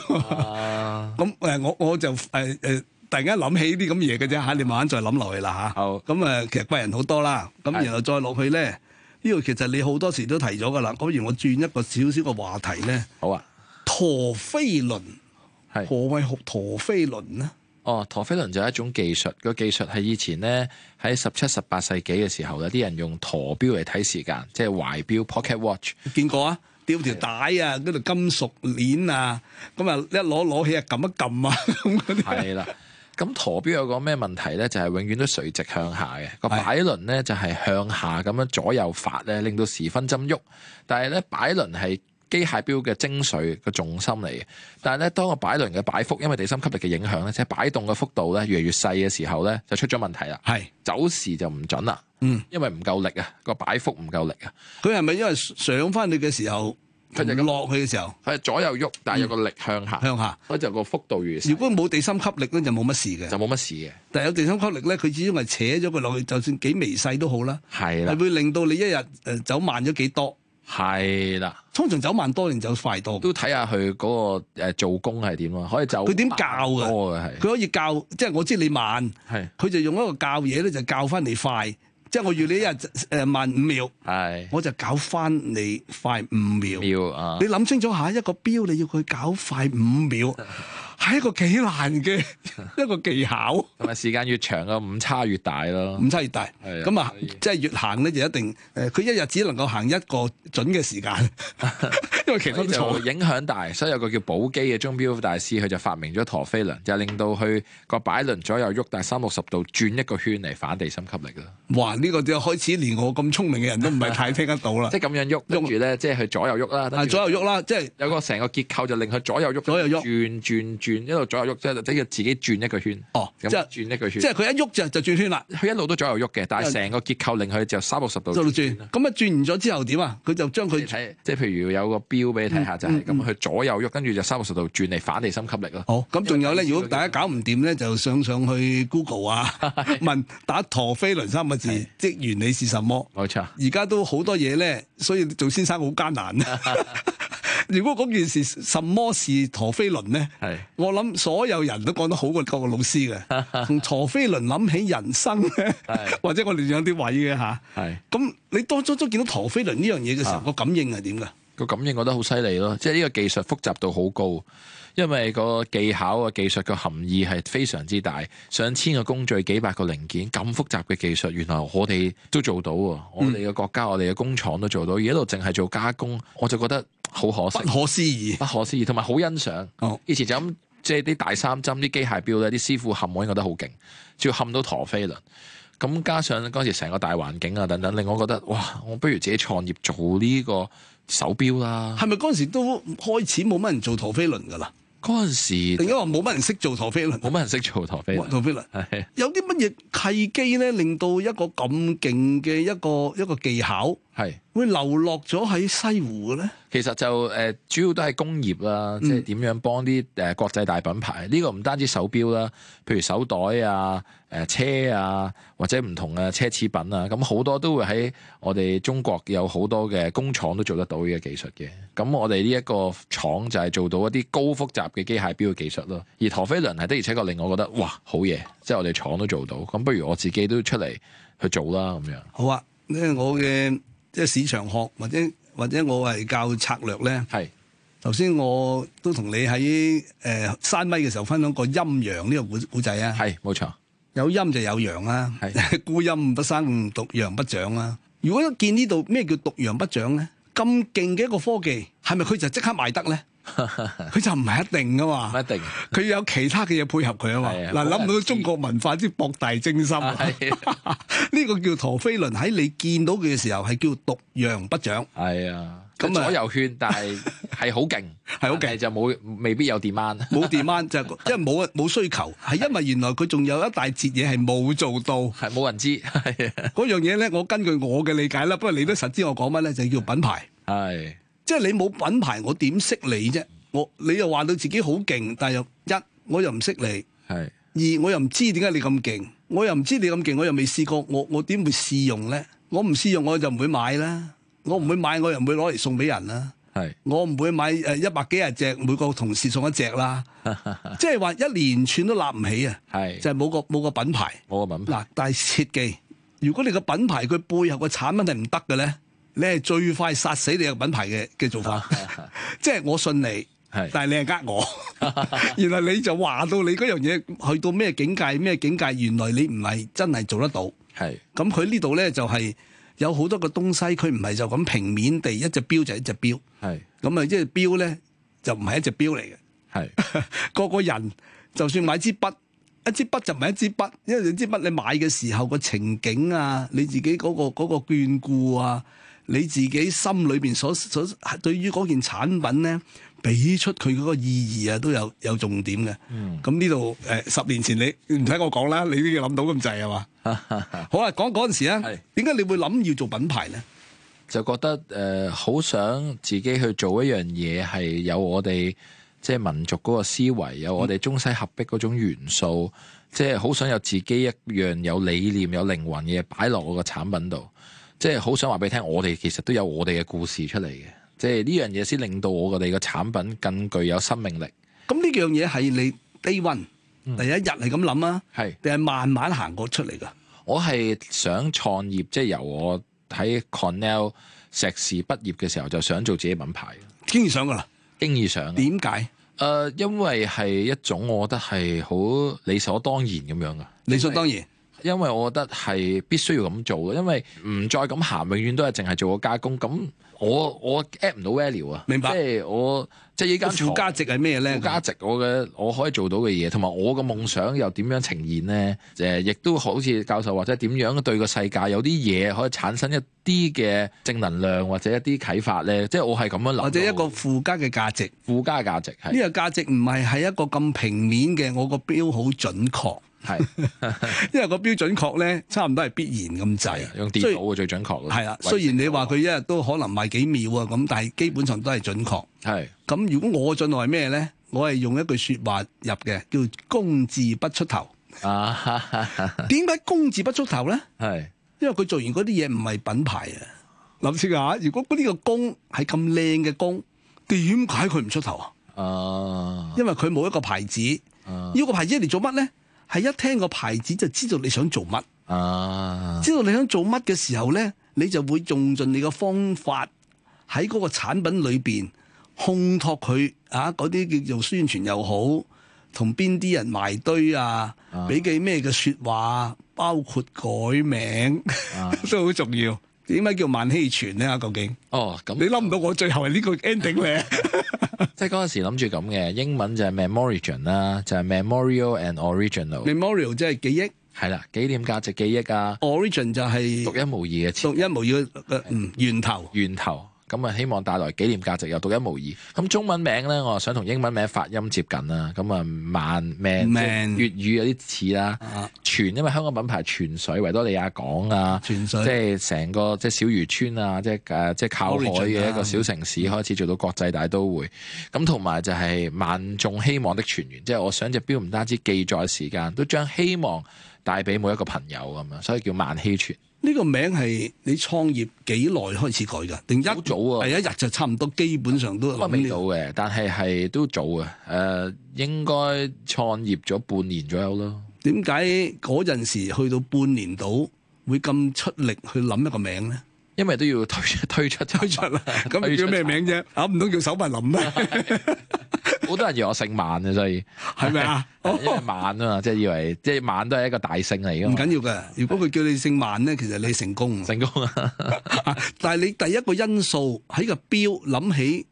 誒、 嗯，我我就誒誒，突然間諗起啲咁嘢嘅啫。吓、uh，你慢慢再諗落去啦吓。好、uh。咁誒、嗯，其實貴人好多啦。咁然後再落去咧，呢度其實你好多時都提咗噶啦。咁而我轉一個少少嘅話題咧。好啊、uh。陀飛輪係何謂學陀飛輪咧？哦，陀飛輪就係一種技術，個技術係以前咧喺十七、十八世紀嘅時候咧，啲人用陀錶嚟睇時間，即係懷錶 （pocket watch），見過啊，吊條帶啊，嗰度金屬鏈啊，咁啊一攞攞起啊，撳一撳啊，咁嗰啲。係啦，咁陀錶有個咩問題咧？就係永遠都垂直向下嘅個擺輪咧，就係向下咁樣左右發咧，令到時分針喐，但係咧擺輪係。機械錶嘅精髓，個重心嚟嘅，但係咧，當個擺輪嘅擺幅，因為地心吸力嘅影響咧，即係擺動嘅幅度咧越嚟越細嘅時候咧，就出咗問題啦。係是走時就唔準啦。嗯，因為唔夠力啊，個擺幅唔夠力啊。佢係咪因為上返去嘅時候，佢就落去嘅時候，佢係左右喐，但係有個力向下、嗯、向下，佢就個幅度越。如果冇地心吸力咧，就冇乜事嘅，就冇乜事嘅。但係有地心吸力咧，佢始終係扯咗佢落去，就算幾微細都好啦。係啦，係 會令到你一日誒走慢咗幾多。係啦，通常走慢多，定走快多？都睇下佢嗰個誒做、呃、工係點啊。可以走。佢點教噶？係佢可以教，即係我知你慢，係佢的就用一個教嘢，咧，就是、教翻你快。即係的我要你一日誒、呃、慢五秒，係的我就搞翻你快五秒。秒啊！你諗清楚一下一個錶，你要佢搞快，快五秒。 係一個幾難嘅一個技巧，同埋時間越長咯，誤差越大咯。誤差越大，咁啊，即係越行咧就一定，誒，佢一日只能夠行一個準嘅時間，因為其實就影響大，所以有個叫寶璣嘅鐘錶大師，佢就發明咗陀飛輪，就令到佢個擺輪左右喐，但三百六十度轉一個圈嚟反地心吸力咯。哇！呢個就開始連我咁聰明嘅人都唔係太聽得到啦，即係咁樣喐，喐住咧，即係佢左右喐啦。啊，左右喐啦，即係有個成個結構就令佢左右喐啦，轉轉轉。轉一路左右喐，即係等於自己轉一個圈。哦，即係轉一個圈，即係佢一喐就就轉圈啦。佢一路都左右喐嘅，但係成個結構令佢就三百六十度，周度轉。咁啊轉完咗之後點啊？佢就將佢睇，即係譬如有個表俾你睇下就係，咁佢左右喐，跟住就三百六十度轉嚟反地心吸力咯。好，咁仲有咧，如果大家搞唔掂咧，就上上去 Google 啊，問打陀飛輪三個字，即原理是什麼？冇錯，而家都好多嘢咧，所以做先生好艱難。如果講件事什麼是陀飛輪呢？係我諗所有人都講得好過各個老師嘅，從陀飛輪諗起人生，或者我哋有啲位嘅吓。係咁，你當初都見到陀飛輪呢樣嘢嘅時候，個感應係點㗎？個感應我覺得好犀利咯，即係呢個技術複雜度好高，因為個技巧啊、技術嘅含義係非常之大，上千個工序、幾百個零件咁複雜嘅技術，原來我哋都做到，我哋嘅國家、我哋嘅工廠都做到，而一度淨係做加工，我就覺得。好可惜，不可思議，不可思議。同埋好欣賞。Oh. 以前就咁，即係啲大三針啲機械錶咧，啲師傅冚碗，我都覺得好勁，仲要冚到陀飛輪。咁加上嗰陣時成個大環境啊等等，令我覺得哇！我不如自己創業做呢個手錶啦。係咪嗰陣時都開始冇乜人做陀飛輪㗎喇？嗰陣時，定係我冇乜人識做，做陀飛輪，冇乜人識做陀飛輪。陀飛輪有啲乜嘢契機咧，令到一個咁勁嘅一個一個技巧係 是會流落咗喺西湖嘅咧？其實就誒、呃、主要都係工業啦，即係點樣幫啲誒、呃、國際大品牌？呢、這個唔單止手錶啦，譬如手袋啊、誒、呃、車啊，或者唔同嘅奢侈品啊，咁好多都會喺我哋中國有好多嘅工廠都做得到呢個技術嘅。咁我哋呢一個廠就係做到一啲高複雜嘅機械錶嘅技術咯。而陀飛輪係的而且確令我覺得嘩好嘢，即係、就是、我哋廠都做到。咁不如我自己都出嚟去做啦咁樣。好啊，因為我嘅即係市場學或者。或者我係教策略咧，頭先是我都同你喺誒山米嘅時候分享個陰陽呢、這個古古仔啊，係冇錯，有陰就有陽啊，孤是陰不生，獨陽不長啊。如果一見呢度咩叫獨陽不長咧，咁勁嘅一個科技，係咪佢就即刻賣得咧？佢就唔係一定噶嘛，一定。佢有其他嘅嘢配合佢啊嘛。嗱，諗唔到中國文化之博大精深，呢個叫陀飛輪喺你見到佢嘅時候係叫獨陽不長。係啊，咁左右圈，但係係好勁，係好勁就冇未必有 demand，冇 demand 就因為冇冇需求，係因為原來佢仲有一大截嘢係冇做到，係冇人知。係嗰樣嘢咧，我根據我嘅理解啦，不過你都實知我講乜咧，就叫品牌。係。即係你冇品牌，我點識你啫？我你又話到自己好勁，但又一，我又唔識你；係是二，我又唔知點解你咁勁，我又唔知你咁勁，我又未試過，我我點會試用咧？我唔試用我就唔會買啦，我唔會買我又唔會攞嚟送俾人啦。係是我唔會買，誒一百幾廿隻每個同事送一隻啦， 即係話一連串都立唔起啊！係是就係冇個冇個品牌，冇個品牌嗱，但係設計，如果你個品牌佢背後個產品係唔得嘅咧。你係最快殺死你嘅品牌嘅嘅做法， 即係我信你，是但係你係呃我。 原來你就話到你嗰樣嘢去到咩境界，咩境界？原來你唔係真係做得到。係咁是，佢呢度咧就係、是、有好多個東西，佢唔係就咁平面地一隻錶就一隻錶。係咁啊，即係錶咧就唔係一隻錶嚟嘅。係 個個人就算買支筆，一支筆就唔係一支筆，因為你支筆你買嘅時候個情景啊，你自己嗰、那個嗰、那個眷顧啊。你自己心裏邊所所對於嗰件產品呢，俾出佢嗰個意義啊，都有有重點嘅。咁呢度誒，十年前你唔使我講啦，你都要諗到咁滯吖嘛？ 好啊，講嗰陣時咧，點解是你會諗要做品牌呢？就覺得誒，好想自己去做一樣嘢，係有我哋即係民族嗰個思維，有我哋中西合璧嗰種元素，即係好想有自己一樣有理念、有靈魂嘅擺落我個產品度。即係好想話俾你聽，我哋其實都有我哋嘅故事出嚟嘅，即係呢樣嘢先令到我哋嘅產品更具有生命力。咁呢樣嘢係你 day one、嗯、第一日係咁諗啊？係定係慢慢行過出嚟噶？我係想創業，即、就、係、是、由我喺 Cornell 碩士畢業嘅時候就想做自己品牌，經已想噶啦，經已想。點解？誒何、呃，因為係一種我覺得係好理所當然咁樣噶，理所當然。因為我覺得係必須要咁做，因為唔再咁行，永遠都係淨係做個加工。咁我我 add 唔到 value 啊，明白？即係我即係依家附加價值係咩咧？價值我嘅我可以做到嘅嘢，同埋我嘅夢想又點樣呈現咧？誒，亦都好似教授或者點樣對個世界有啲嘢可以產生一啲嘅正能量，或者一啲啟發咧。即係我係咁樣諗。或者一個附加嘅價值，附加價值。係，呢個價值唔係係一個咁平面嘅，我個標好準確。係， 因為個錶準確咧，差唔多係必然咁滯。用跌倒嘅最準確。係啦，雖然你話佢一日都可能賣幾秒啊，咁但係基本上都係準確。係是，咁如果我進來咩咧？我係用一句說話入嘅，叫工字不出頭。啊，點解工字不出頭咧？係，因為佢做完嗰啲嘢唔係品牌啊。林先生，如果嗰啲個工係咁靚嘅工，點解佢唔出頭啊？哦，uh, 因為佢冇一個牌子。Uh, uh, 要呢個牌子嚟做乜咧？係一聽個牌子就知道你想做乜，啊、知道你想做乜嘅時候咧，你就會用盡你嘅方法喺嗰個產品裏邊烘托佢啊！嗰啲叫做宣傳又好，同邊啲人埋堆啊，俾佢咩嘅說話，包括改名、啊、 都好重要。點解叫萬希泉咧？究竟？哦，咁你諗唔到我最後係呢個 ending 咩？即係嗰陣時諗住咁嘅，英文就係 memorial 啦，就係 memorial and original。memorial 即係記憶，係啦，紀念價值記憶啊。Origin 就係獨一無二嘅詞，獨一無二嘅嗯源頭，源頭。咁啊，希望帶來紀念價值又獨一無二。咁中文名呢，我想同英文名發音接近啦。咁啊，萬名即係粵語有啲似啦，泉 Yeah.，因為香港品牌泉水、維多利亞港啊，即係成個即係小漁村啊，即係誒即係靠海嘅一個小城市開始做到國際大都會，咁同埋就係萬眾希望的泉源，即係我想隻錶唔單止記載時間，都將希望帶俾每一個朋友咁樣，所以叫萬希泉。呢個名係你創業幾耐開始改㗎？定一早係、啊、一日就差唔多，基本上都諗到嘅。但係係都早嘅。誒、呃，應該創業咗半年左右咯。點解嗰陣時去到半年度會咁出力去諗一個名咧？因為都要推出、推出推出啦。咁 叫咩名啫？嚇，唔通叫沈慧林咩？ 好 多人以為我姓萬嘅，所以係咪啊？嗎因為萬啊嘛，即係以為即係萬都係一個大姓嚟嘅。唔緊要嘅，如果佢叫你姓萬咧，是其實你成功唔成功啊。 但係你第一個因素喺個錶諗起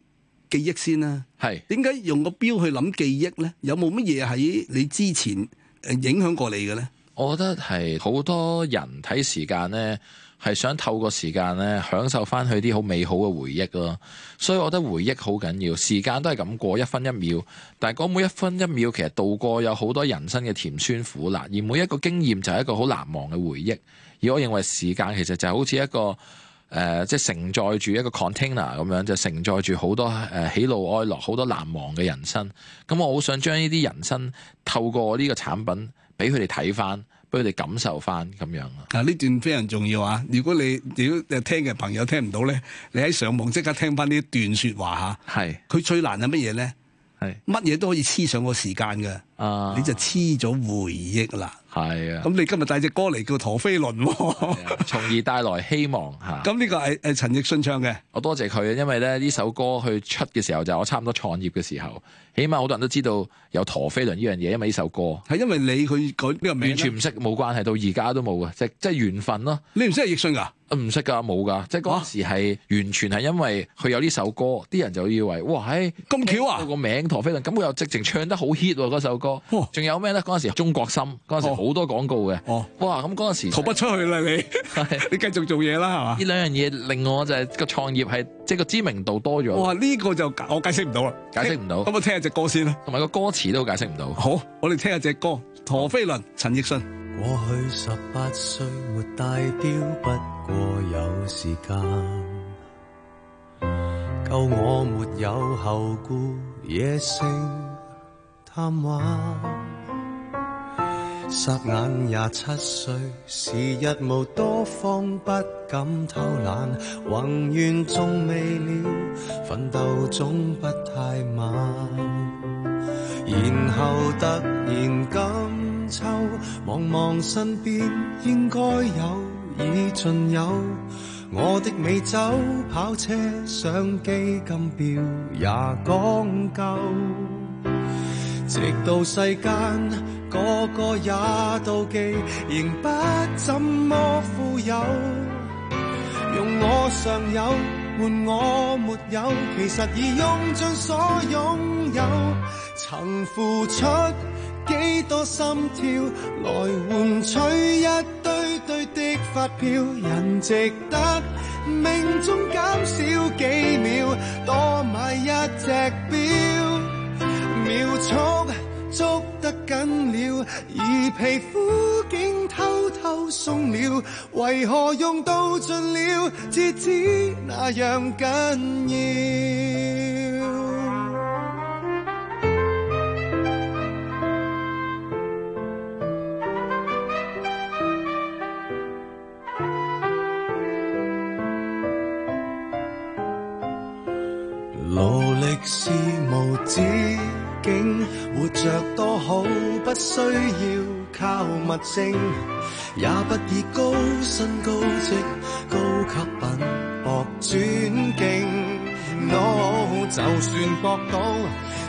記憶先啦。係點解用個錶去諗記憶咧？有冇乜嘢喺你之前誒影響過你嘅咧？我覺得係好多人睇時間咧。係想透過時間咧，享受翻佢啲好美好嘅回憶咯。所以我覺得回憶好緊要，時間都係咁過一分一秒。但係嗰每一分一秒，其實度過有好多人生嘅甜酸苦辣，而每一個經驗就係一個好難忘嘅回憶。而我認為時間其實就好似一個誒，即係承載住一個 container 咁樣，就承載住好多誒喜怒哀樂，好多難忘嘅人生。咁我好想將呢啲人生透過我呢個產品，俾佢哋睇翻。俾哋感受翻咁樣啊！啊，呢段非常重要啊！如果你如果，你如果你聽嘅朋友聽唔到咧，你喺上網即刻聽翻啲段説話嚇。係是。佢最難係乜嘢咧？係是。乜嘢都可以黐上個時間㗎。啊。你就黐咗回憶啦。係啊。咁你今日帶隻歌嚟叫陀飛輪，從而帶來希望嚇。咁 呢個係係陳奕迅唱嘅。我多謝佢，啊，因為咧呢首歌去出嘅時候就是、我差唔多創業嘅時候。起碼好多人都知道有陀飛輪呢樣嘢，因為呢首歌係因為你佢佢呢個名呢完全唔識冇關係，到而家都冇嘅，即係即係緣分咯。你唔識奕迅㗎？唔識㗎，冇㗎。即係嗰陣時係完全係因為佢有呢首歌，啲人就以為哇，咁、哎、巧啊個名陀飛輪，咁我又直情唱得好 hit 嗰、啊、首歌。仲、哦、有咩咧？嗰陣時《中國心》，嗰陣時好多廣告嘅、哦。哦。哇！咁嗰陣時、就是、逃不出去啦你， 你繼續做嘢啦係嘛？呢兩樣嘢令我就係個創業係即係個知名度多咗。哇！呢、呢個就解我解釋唔到啦，解釋唔到。隻歌先啦，同埋個歌詞都解釋唔到。好，我哋聽下隻歌《陀飛輪》，陳奕迅。過去十八歲沒戴錶，不過有時間夠我沒有後顧，野性貪玩霎眼廿七歲，時日無多方，方不敢偷懶。宏願縱未了，奮鬥總不太晚。然後突然今秋，望望身邊應該有已盡有。我的美酒、跑車、相機、金錶也講究，直到世間，個個也妒忌，仍不怎麼富有。用我尚有換我沒有，其實已用盡所擁有。曾付出幾多心跳，來換取一堆堆的發票。人值得命中減少幾秒，多買一隻表秒速。捉得緊了，而皮膚竟偷偷鬆了，為何用到盡了，至知哪樣緊要？勞力是無止。活着多好，不需要靠物證，也不以高薪高職高級品博尊敬。哦，就算搏到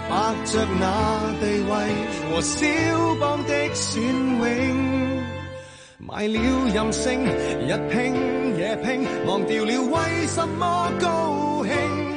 伯爵那地位和肖邦的尊榮，買了任性，日拼夜拼，忘掉了為什麼高。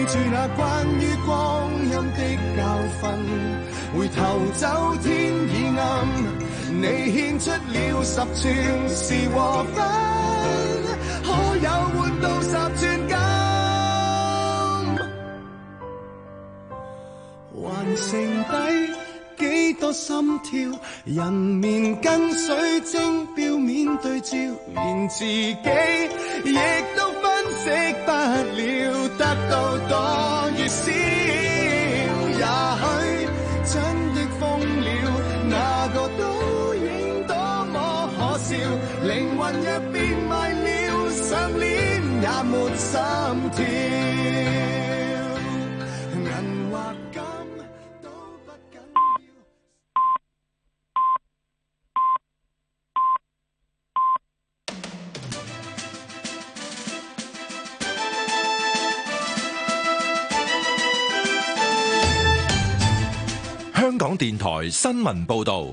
記住那關於光陰的教訓，回頭走天已暗，你獻出了十寸時和分，可有換到十寸金？還剩低。幾多心跳，人面跟水晶錶面對照，連自己亦都分析不了，得到多與少，也許真的瘋了，那個倒影多麼可笑，靈魂若變賣了，上鍊也沒心跳。香港電台新聞報道，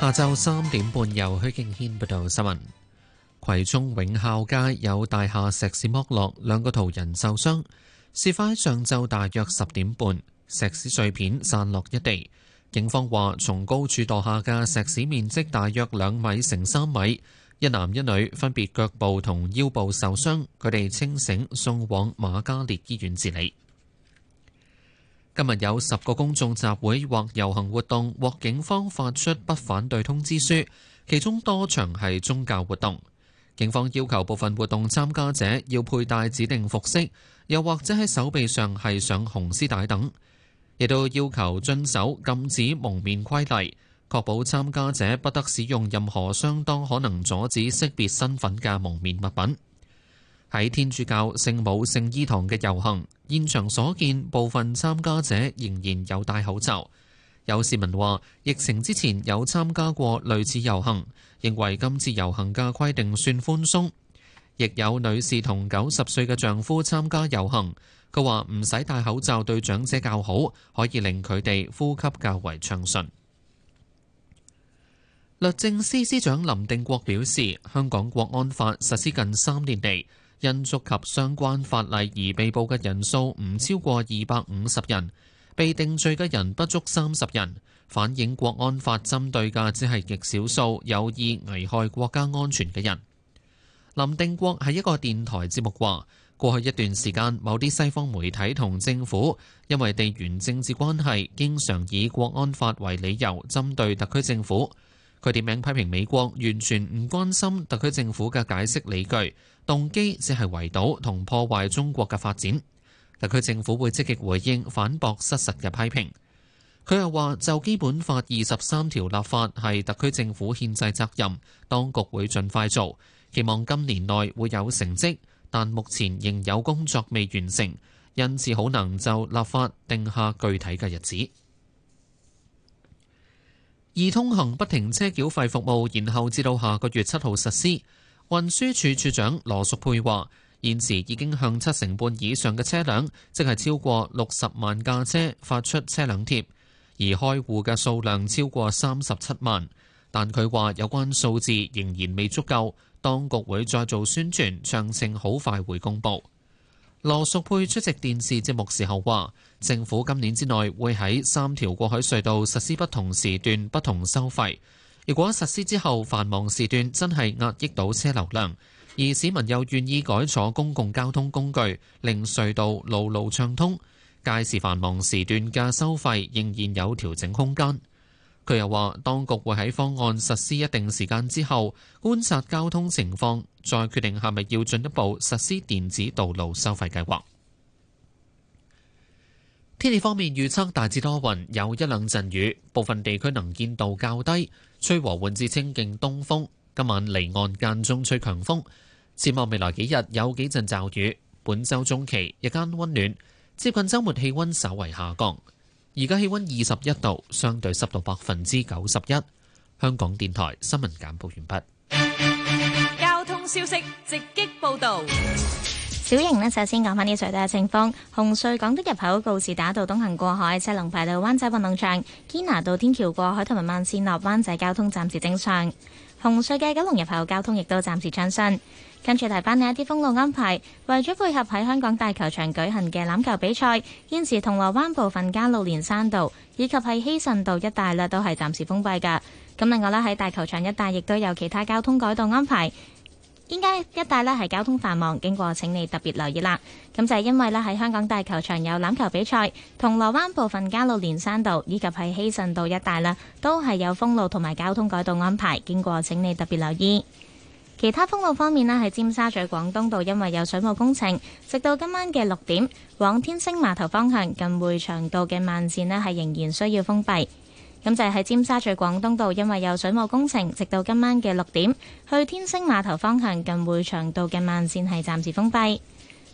下晝三點半由許敬軒報道新聞。葵涌永孝街有大廈石屎剝落，兩個途人受傷。事發喺上晝大約十點半，石屎碎片散落一地。警方話，從高處墮下嘅石屎面積大約兩米乘三米，一男一女分別腳部同腰部受傷，佢哋清醒，送往瑪嘉烈醫院治理。今日有十個公眾集會或遊行活動獲警方發出不反對通知書，其中多場係宗教活動。警方要求部分活動參加者要佩戴指定服飾，又或者喺手臂上繫上紅絲帶等，亦都要求遵守禁止蒙面規例，確保參加者不得使用任何相當可能阻止識別身份嘅蒙面物品。喺天主教聖母聖衣堂嘅遊行，現場所見部分參加者仍然有戴口罩。有市民話，疫情之前有參加過類似遊行，認為今次遊行嘅規定算寬鬆。亦有女士同九十歲嘅丈夫參加遊行，佢話唔使戴口罩對長者較好，可以令佢哋呼吸較為暢順。律政司司長林定國表示，香港國安法實施近三年嚟。因觸及相關法例而被捕嘅人數唔超過二百五十人，被定罪嘅人不足三十人，反映國安法針對嘅只係極少數有意危害國家安全嘅人。林定國係一個電台節目話，過去一段時間，某啲西方媒體同政府因為地緣政治關係，經常以國安法為理由針對特區政府。佢點名批評美國完全唔關心特區政府嘅解釋理據，動機只係圍堵同破壞中國嘅發展。特區政府會積極回應反駁失實嘅批評。佢又話就《基本法》二十三條立法係特區政府憲制責任，當局會盡快做，期望今年內會有成績，但目前仍有工作未完成，因此可能就立法定下具體嘅日子。易通行不停車繳費服務，然後至到下個月七號實施。運輸署署長羅淑佩話，現時已經向七成半以上嘅車輛，即係超過六十萬架車，發出車輛貼，而開戶嘅數量超過三十七萬。但佢話有關數字仍然未足夠，當局會再做宣傳，詳情好快會公布。羅淑佩出席電視節目時候話，政府今年之內會喺三條過海隧道實施不同時段不同收費。如果實施之後繁忙時段真係壓抑到車流量，而市民又願意改坐公共交通工具，令隧道路路暢通，屆時繁忙時段嘅收費仍然有調整空間。佢又話：當局會喺方案實施一定時間之後觀察交通情況，再決定係咪要進一步實施電子道路收費計劃。天氣方面預測大致多雲，有一兩陣雨，部分地區能見度較低，吹和緩至清勁東風。今晚離岸間中吹強風，展望未來幾日有幾陣驟雨。本週中期日間溫暖，接近週末氣溫稍為下降。而家氣溫二十一度，相對濕度百分之九十一。香港電台新聞簡報完畢。交通消息直擊報道：小瑩呢，首先講翻啲隧道嘅情況。紅隧港島入口告士打道東行過海、車龍排到灣仔運動場、堅拿道天橋過海同埋慢線落灣仔，交通暫時正常。紅隧嘅九龍入口交通亦都暫時暢順。跟住提翻你一啲封路安排，為咗配合喺香港大球場舉行嘅欖球比賽，現時銅鑼灣部分加路連山道以及係希慎道一帶啦，都係暫時封閉嘅。咁另外啦，喺大球場一帶亦都有其他交通改道安排。應該一帶咧係交通繁忙，經過請你特別留意啦。咁就係因為咧喺香港大球場有欖球比賽，銅鑼灣部分加路連山道以及係希慎道一帶啦，都係有封路同埋交通改道安排，經過請你特別留意。其他封路方面咧，喺尖沙咀廣東道，因為有水務工程，直到今晚嘅六點，往天星碼頭方向近會場道嘅慢綫咧，係仍然需要封閉。咁就係尖沙咀廣東道，因為有水務工程，直到今晚嘅六點，去天星碼頭方向近會場道嘅慢綫係暫時封閉。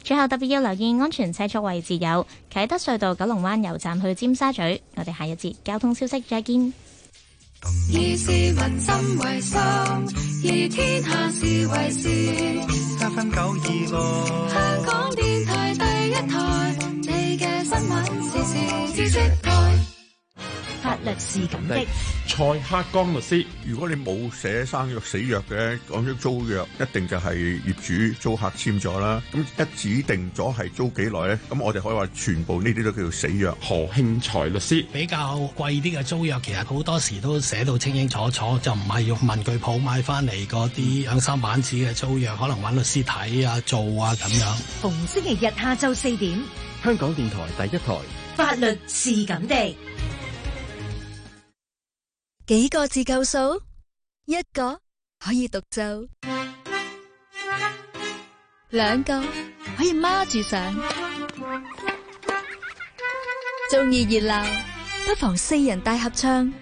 最後特別要留意安全車速位置，有啟德隧道、九龍灣油站去尖沙咀。我哋下一節交通消息再見。以市民心為心，以天下事為事。三分九二六，香港電台第一台， 你嘅新聞時事知識台。法律是咁的，蔡克江律師，如果你冇寫生約死約嘅，講咗租約，一定就係業主租客簽咗啦。咁一指定咗係租幾耐，咧，咁我哋可以話全部呢啲都叫做死約。何興才律師比較貴啲嘅租約，其實好多時都寫到清清楚楚，就唔係用文具鋪買翻嚟嗰啲兩三板紙嘅租約，可能揾律師睇啊做啊咁樣。逢星期日下晝四點，香港電台第一台。法律是咁的。幾個字夠數？一個可以獨奏，兩個可以孖住上，中意熱鬧不妨四人大合唱，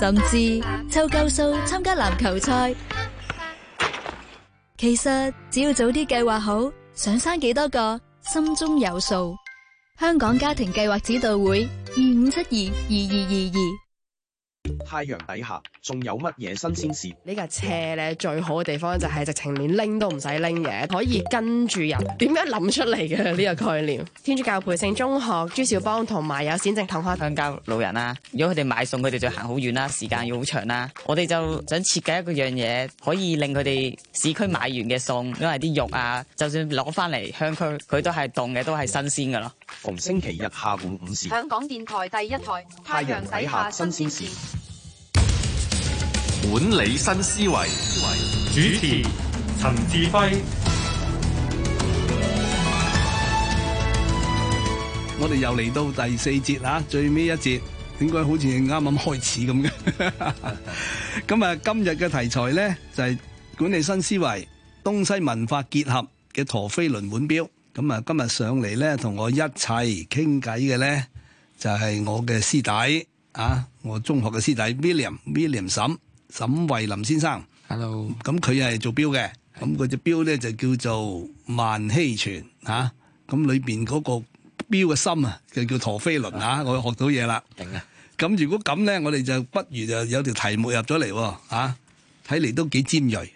甚至湊夠數參加籃球賽。其實只要早啲計劃好，想生幾多個心中有數。香港家庭計劃指導會二五七二二二二二。太陽底下仲有乜嘢新鮮事？呢架車咧最好嘅地方就係直情連拎都唔使拎嘢，可以跟住人點樣諗出嚟嘅呢個概念？天主教培聖中學朱少邦同埋有先正同學鄉郊老人啦，如果佢哋買餸，佢哋就行好遠啦，時間要好長啦。我哋就想設計一個樣嘢，可以令佢哋市區買完嘅餸，因為啲肉啊，就算攞翻嚟鄉區，佢都係凍嘅，都係新鮮噶咯。逢星期日下午五時，香港電台第一台，太陽底下新鮮事。管理新思維，思維主持陳志輝。 我哋又嚟到第四節啦、啊，最尾一節，應該好似啱啱開始咁嘅。咁 啊，今日嘅題材咧就係、是、管理新思維，東西文化結合嘅陀飛輪腕表。咁啊，今日上嚟咧同我一齊傾偈嘅咧就係、是、我嘅師弟啊，我中學嘅師弟 William，William 沈。William, William 沈慧林先生，hello，咁佢係做表嘅，咁嗰隻表咧就叫做萬希泉嚇，咁裏邊嗰個表嘅芯啊，就叫陀飛輪嚇，我學到嘢啦。頂啊！咁如果咁咧，我哋就不如就有條題目入咗嚟喎嚇，睇嚟都幾尖鋭。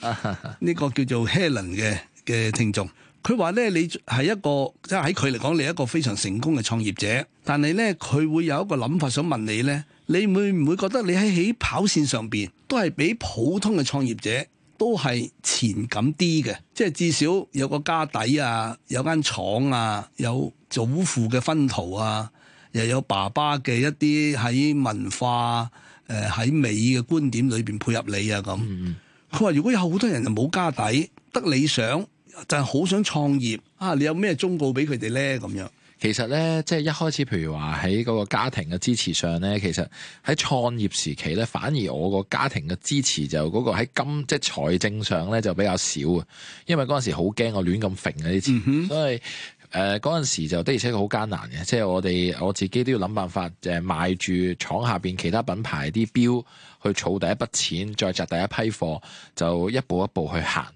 呢個叫做 Helen 嘅嘅聽眾，佢話咧，你係一個即係喺佢嚟講，你係一個非常成功嘅創業者，但係咧佢會有一個諗法想問你咧。你會唔會覺得你喺起跑線上邊都係比普通嘅創業者都係前感啲嘅？即係至少有個家底啊，有間廠啊，有祖父嘅薰陶啊，又有爸爸嘅一啲喺文化誒喺美嘅觀點裏邊配合你啊咁。佢話如果有好多人就冇家底，得理想，但係好想創業啊，你有咩忠告俾佢哋咧？咁樣？其實咧，即係一開始，譬如話喺嗰個家庭嘅支持上咧，其實喺創業時期咧，反而我個家庭嘅支持就嗰個喺金即係財政上咧就比較少啊，因為嗰陣時好驚我亂咁揈嗰啲錢，嗯哼，所以誒嗰陣時就的而且確好艱難嘅，即係我哋我自己都要諗辦法誒賣住廠下邊其他品牌啲標去儲第一筆錢，再集第一批貨，就一步一步去行。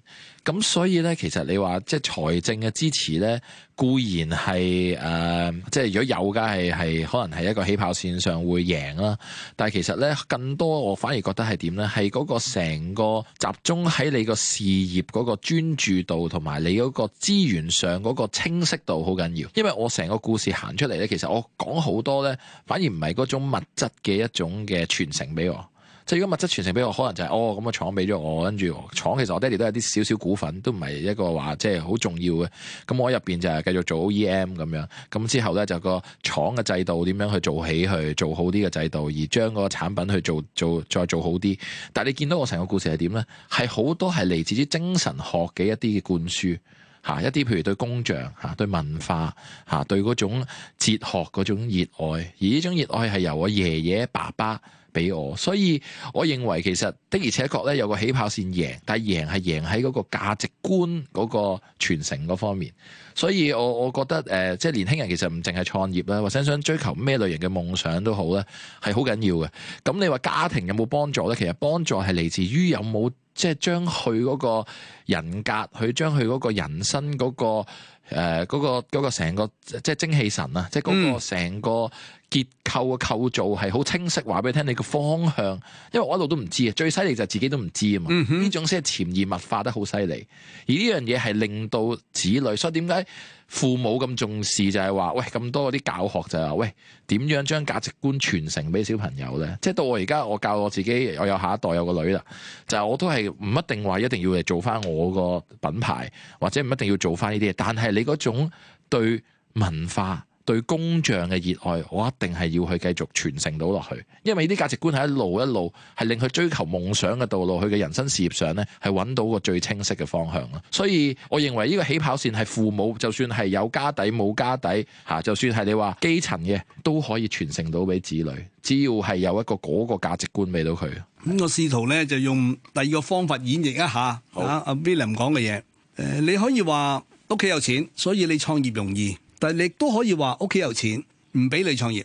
咁所以呢，其實你話即係財政嘅支持呢，固然係誒、呃，即係如果有嘅係係，可能係一個起跑線上會贏啦。但係其實呢，更多我反而覺得係點呢？係嗰個成個集中喺你個事業嗰個專注度，同埋你嗰個資源上嗰個清晰度好緊要。因為我成個故事行出嚟呢，其實我講好多呢，反而唔係嗰種物質嘅一種嘅傳承俾我。即係如果物質傳承俾我，可能就係、是、哦咁、那個廠俾咗我，跟住廠其實我爹哋都有啲少少股份，都唔係一個話即係好重要嘅。咁我入邊就係繼續做 OEM 咁樣，咁之後咧就是、個廠嘅制度點樣去做起去，去做好啲嘅制度，而將嗰個產品去做做，做再做好啲。但係你見到我成個故事係點咧？係好多係嚟自於精神學嘅一啲嘅灌輸，吓、啊、一啲譬如對工匠吓、啊、對文化吓、啊、對嗰種哲學嗰種熱愛，而呢種熱愛係由我爺爺、爸爸。俾我，所以我認為其實的而且確咧有個起跑線贏，但係贏係贏喺嗰個價值觀嗰個傳承嗰方面。所以我我覺得誒、呃，即係年輕人其實唔淨係創業啦，或者想追求咩類型嘅夢想都好咧，係好緊要嘅。咁你話家庭有冇幫助咧？其實幫助係嚟自於有冇即係將佢嗰個人格，去將佢嗰個人生嗰、嗰個誒嗰個成個即係、嗰個即係、精氣神啊，即係嗰個成個。嗯結構嘅構造係好清晰，話俾你聽你個方向，因為我一路都唔知啊。最犀利就係自己都唔知啊嘛。呢、嗯、哼種先係潛移默化得好犀利，而呢樣嘢係令到子女。所以點解父母咁重視就係、是、話：喂，咁多嗰啲教學就係、是、話，喂，點樣將價值觀傳承俾小朋友咧？即係到我而家，我教我自己，我有下一代，有個女啦，就是、我都係唔一定話一定要嚟做翻我個品牌，或者唔一定要做翻呢啲嘢。但係你嗰種對文化。對工匠嘅熱愛，我一定係要去繼續傳承到落去，因為呢啲價值觀係一路一路係令佢追求夢想嘅道路，佢嘅人生事業上呢，係揾到個最清晰嘅方向咯。所以我認為呢個起跑線係父母，就算係有家底冇家底吓，就算係你話基層嘅，都可以傳承到俾子女，只要係有一個嗰個價值觀俾到佢。咁我試圖呢就用第二個方法演繹一下啊，阿 William 講嘅嘢，你可以話屋企有錢，所以你創業容易。但係你都可以話屋企有錢唔俾你創業，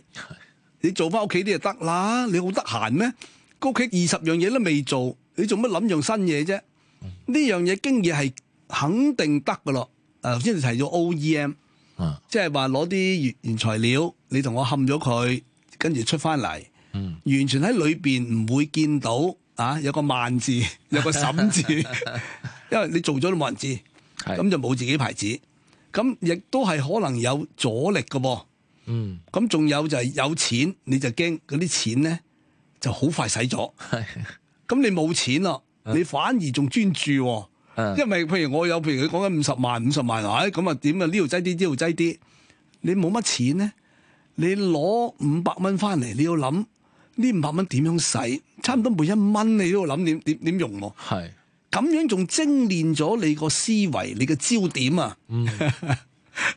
你做翻屋企啲就得啦。你好得閒咩？屋企二十樣嘢都未做，你做乜諗用新嘢啫？呢樣嘢經驗係肯定得噶咯。頭、啊、先提咗 OEM，即係話攞啲原材料，你同我冚咗佢，跟住出翻嚟，完全喺裏邊唔會見到，啊，有個萬字，有個沈字，因為你做咗都冇人知，咁就冇自己牌子。咁亦都係可能有阻力嘅噃，嗯，咁仲有就係有錢你就驚嗰啲錢咧就好快使咗。係，咁你冇錢啦，你反而仲專注、哦， 因為譬如我有譬如佢講緊五十萬五十萬，哎咁啊點啊呢度擠啲呢度擠啲，你冇乜錢咧，你攞五百蚊翻嚟你要諗呢五百蚊點樣使，差唔多每一蚊你都要諗點點點用喎，係。咁樣仲精煉咗你個思維，你個焦點啊！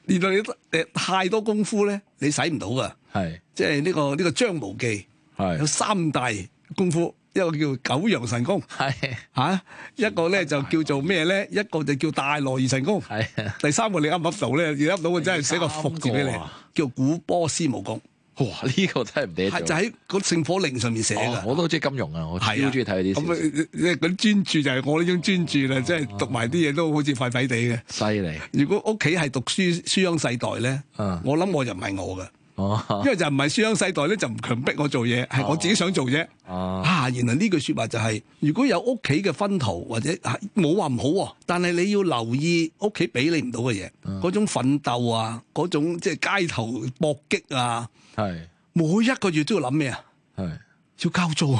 原 來你誒太多功夫咧，你使唔到噶。係是即係呢、這個呢、這個張無忌係是有三大功夫，一個叫九陽神功，係嚇是、啊、一個咧就叫做咩咧？一個就叫大羅二神功，係、啊、第三個你啱唔啱到咧？如果啱到嘅，真係寫個福字俾你，啊、叫古波斯武功。哇！呢、這個真係唔俾，係就喺個聖火令上面寫噶、哦。我都好中意金融啊，我好中意睇嗰啲。咁啊，即係咁專注就係我呢種專注啦，即係、啊啊、讀埋啲嘢都好似廢廢地嘅。犀利害！如果屋企係讀書書香世代咧，啊、我諗我又唔係我噶。哦，因為就唔係書香世代咧，就唔強逼我做嘢，係我自己想做啫。啊，原來呢句說話就係，如果有屋企嘅熏陶或者冇話唔好，但係你要留意屋企俾你唔到嘅嘢，嗰種奮鬥啊，嗰種即係街頭搏擊啊，係每一個月都要諗咩啊？係要交租，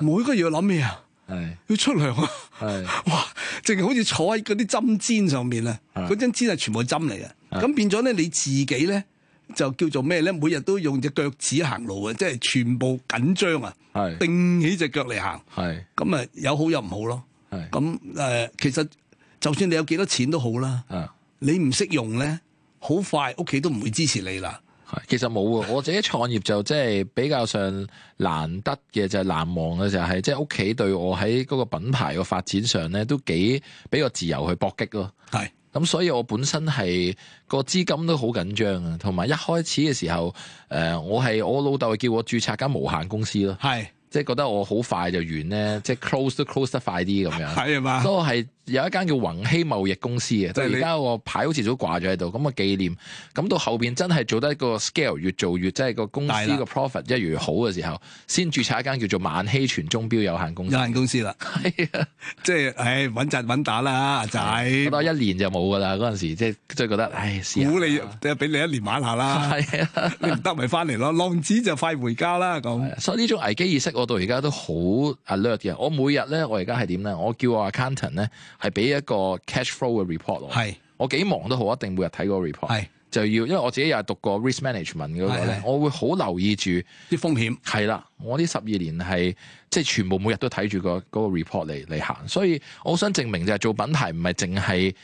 每個月要諗咩啊？係要出糧啊。係哇，淨係好似坐喺嗰啲針氈上面啊，嗰張氈係全部針嚟嘅，咁變咗咧你自己咧。就叫做咩咧？每日都用隻腳趾行路啊！即係全部緊張啊，定是起隻腳嚟行。咁啊是，有好有唔好咯。咁誒是、呃，其實就算你有幾多錢好是都好啦。你唔識用咧，好快屋企都唔會支持你啦。其實冇啊，我自己創業就即係比較上難得嘅就係、是、難忘嘅就係即係屋企對我喺嗰個品牌嘅發展上咧都幾俾個自由去搏擊咯。咁所以，我本身係個資金都好緊張啊，同埋一開始嘅時候，誒、呃，我係我老豆叫我註冊間無限公司咯，係是，即係覺得我好快就完咧，即係 close 都 close 得快啲咁樣，係嘛，所以我係有一間叫宏熙貿易公司嘅，但係而家個牌好似早掛咗喺度，咁啊紀念。咁到後邊真係做得一個 scale，越做越即係個公司個 profit 一如好嘅時候，先註冊一間叫做萬希泉鐘錶有限公司有限公司啦。係啊、 就是，即係誒穩陣穩打啦，就係不過一年就冇㗎啦。嗰陣時即係覺得唉，鼓、哎啊、你即俾你一年玩一下啦，係啊，唔得咪翻嚟咯，浪子就快回家啦咁。 所以呢種危機意識我到而家都好 alert 嘅。我每日咧，我而家係點咧？我叫我 accountant 咧。係俾一個 cash flow 嘅 report 咯，是我幾忙都好，一定每日睇嗰個 report，是就要因為我自己又係讀過 risk management 嗰個咧，的我會好留意住啲風險。係啦，我呢十二年係即係全部每日都睇住個嗰 report 嚟嚟行，所以我好想證明就係做品牌唔係淨係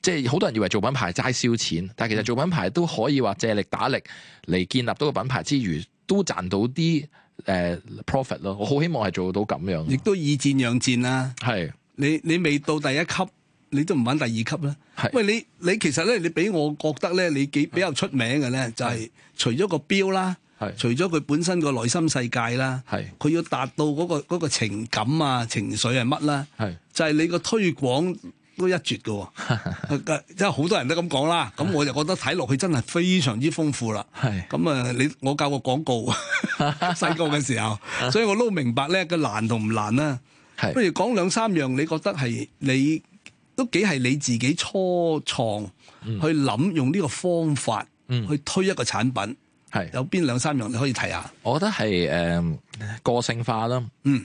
即係好多人以為做品牌齋燒錢，但係其實做品牌都可以話借力打力嚟建立到個品牌之餘，都賺到啲誒 profit 咯。我好希望係做到咁樣，亦都以戰養戰啦、啊。係。你你未到第一級，你都唔玩第二級啦。喂，你你其實咧，你俾我覺得咧，你幾比較出名嘅咧，就係是除咗個錶啦，除咗佢本身個內心世界啦，佢是要達到嗰個嗰個情感啊，情緒係乜啦，是就係你個推廣都一絕㗎喎，即係好多人都咁講啦。咁我就覺得睇落去真係非常之豐富啦。咁啊是，你我教個廣告細個嘅時候， 所以我都明白咧個難同唔難啦。不如講兩三樣，你覺得係你都幾係你自己初創、嗯、去諗用呢個方法去推一個產品，係、嗯、有邊兩三樣你可以提下？我覺得係誒、呃、個性化咯，嗯，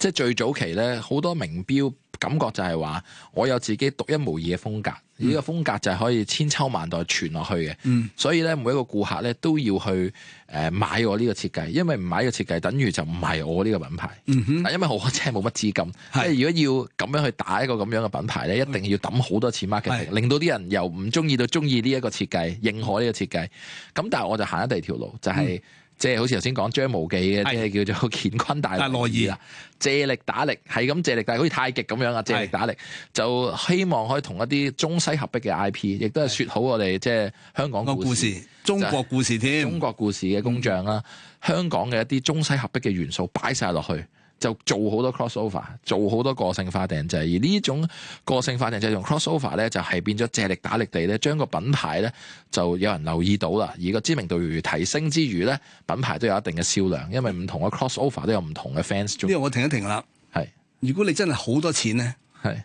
即係最早期咧，好多名錶。感覺就係話，我有自己獨一無二嘅風格，呢、嗯、個風格就係可以千秋萬代傳落去嘅。嗯、所以咧，每一個顧客咧都要去誒、呃、買我呢個設計，因為唔買個設計等於就唔係我呢個品牌。但係、嗯、哼因為我真係冇乜資金，係是如果要咁樣去打一個咁樣嘅品牌咧，一定要抌好多錢 market 令到啲人由唔中意到中意呢一個設計，認可呢個設計。咁但係我就行得第二條路，就係、是。嗯即係好似頭先講張無忌嘅，是即係叫做乾坤大挪移啊！借力打力係咁借力，但係好似太極咁樣啊！借力打力就希望可以同一啲中西合璧嘅 IP，是亦都係説好我哋即係香港嘅故，故事、中國故事添，中國故事嘅工匠啦，嗯、香港嘅一啲中西合璧嘅元素擺晒落去。就做好多 crossover，做好多個性化定製，而呢種個性化定製用 crossover 咧，就係變咗借力打力地咧，將個品牌咧就有人留意到啦，而個知名度提升之餘咧，品牌都有一定嘅銷量，因為唔同嘅 crossover 都有唔同嘅 fans。呢個我停一停啦，係如果你真係好多錢咧，係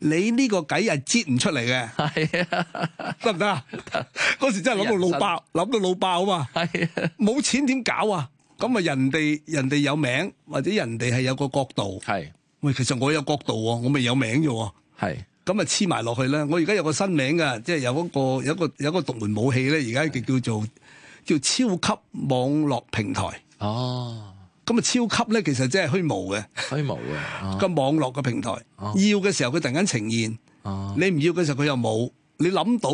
你呢個計係接唔出嚟嘅，係得唔得啊？嗰時真係諗到老爆，諗到老爆啊嘛，係冇錢點搞啊？咁啊，人哋人哋有名，或者人哋係有個角度。係是喂，其實我有角度喎，我咪有名嘅喎。係咁啊，黐埋落去啦。我而家有個新名㗎，即係有嗰個有一個有個獨門武器咧，而家叫叫做叫做超級網絡平台。是哦，咁啊、嗯，超級咧，其實真係虛無嘅，虛無嘅、啊、個網絡嘅平台。啊、要嘅時候佢突然間呈現，啊、你唔要嘅時候佢又冇。你諗到，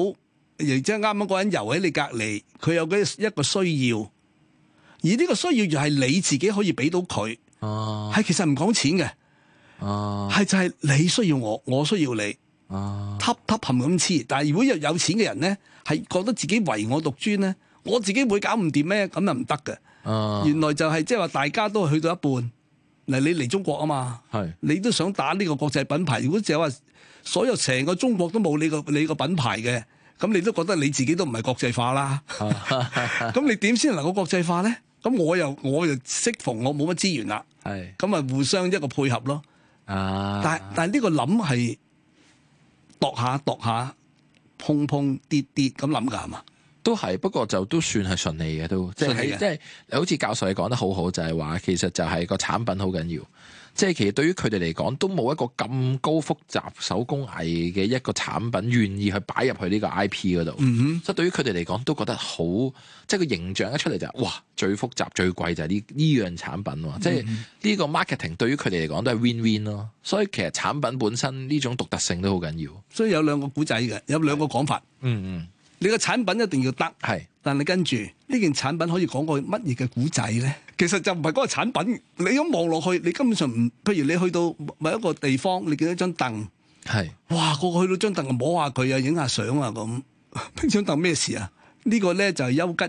亦即係啱啱嗰個人游喺你隔籬，佢有一個需要。而呢個需要就係你自己可以俾到佢，係、uh, 其實唔講錢嘅，係、uh, 就係你需要我，我需要你，Tập 吸吸含咁黐。但係如果有有錢嘅人咧，係覺得自己唯我獨尊咧，我自己會搞唔掂咩？咁又唔得嘅。Uh, 原來就係即係話大家都去到一半。嗱，你嚟中國啊嘛，你都想打呢個國際品牌。如果就係話所有成個中國都冇你個你個品牌嘅，咁你都覺得你自己都唔係國際化啦。咁 你點先能夠國際化咧？咁我又我又適逢我冇乜資源啦，咁咪係互相一個配合咯。啊、但但係呢個諗係度下度下碰碰跌跌咁諗㗎係嘛？都係，不過就都算係順利嘅都，即係即係好似教授你講得好好，就係、係、話其實就係個產品好緊要。即係其實對於佢哋嚟講，都冇一個咁高複雜手工藝嘅一個產品願意去擺入去呢個 I P 嗰度，嗯哼，所以對於佢哋嚟講都覺得好。即係個形象一出嚟就係、哇，最複雜最貴就係呢呢樣產品喎。即係呢個 marketing 對於佢哋嚟講都係 win win 咯。所以其實產品本身呢種獨特性都好緊要。所以有兩個古仔嘅，有兩個講法。嗯嗯，你個產品一定要得係。但你跟住呢件產品可以講個乜嘢嘅古仔咧？其實就唔係嗰個產品，你咁望落去，你根本上唔，不如你去到某一個地方，你見到張凳，係是，哇，個個去到張凳，摸下佢啊，影下相啊，咁。張凳咩事啊？這個、呢個咧就係、是、丘吉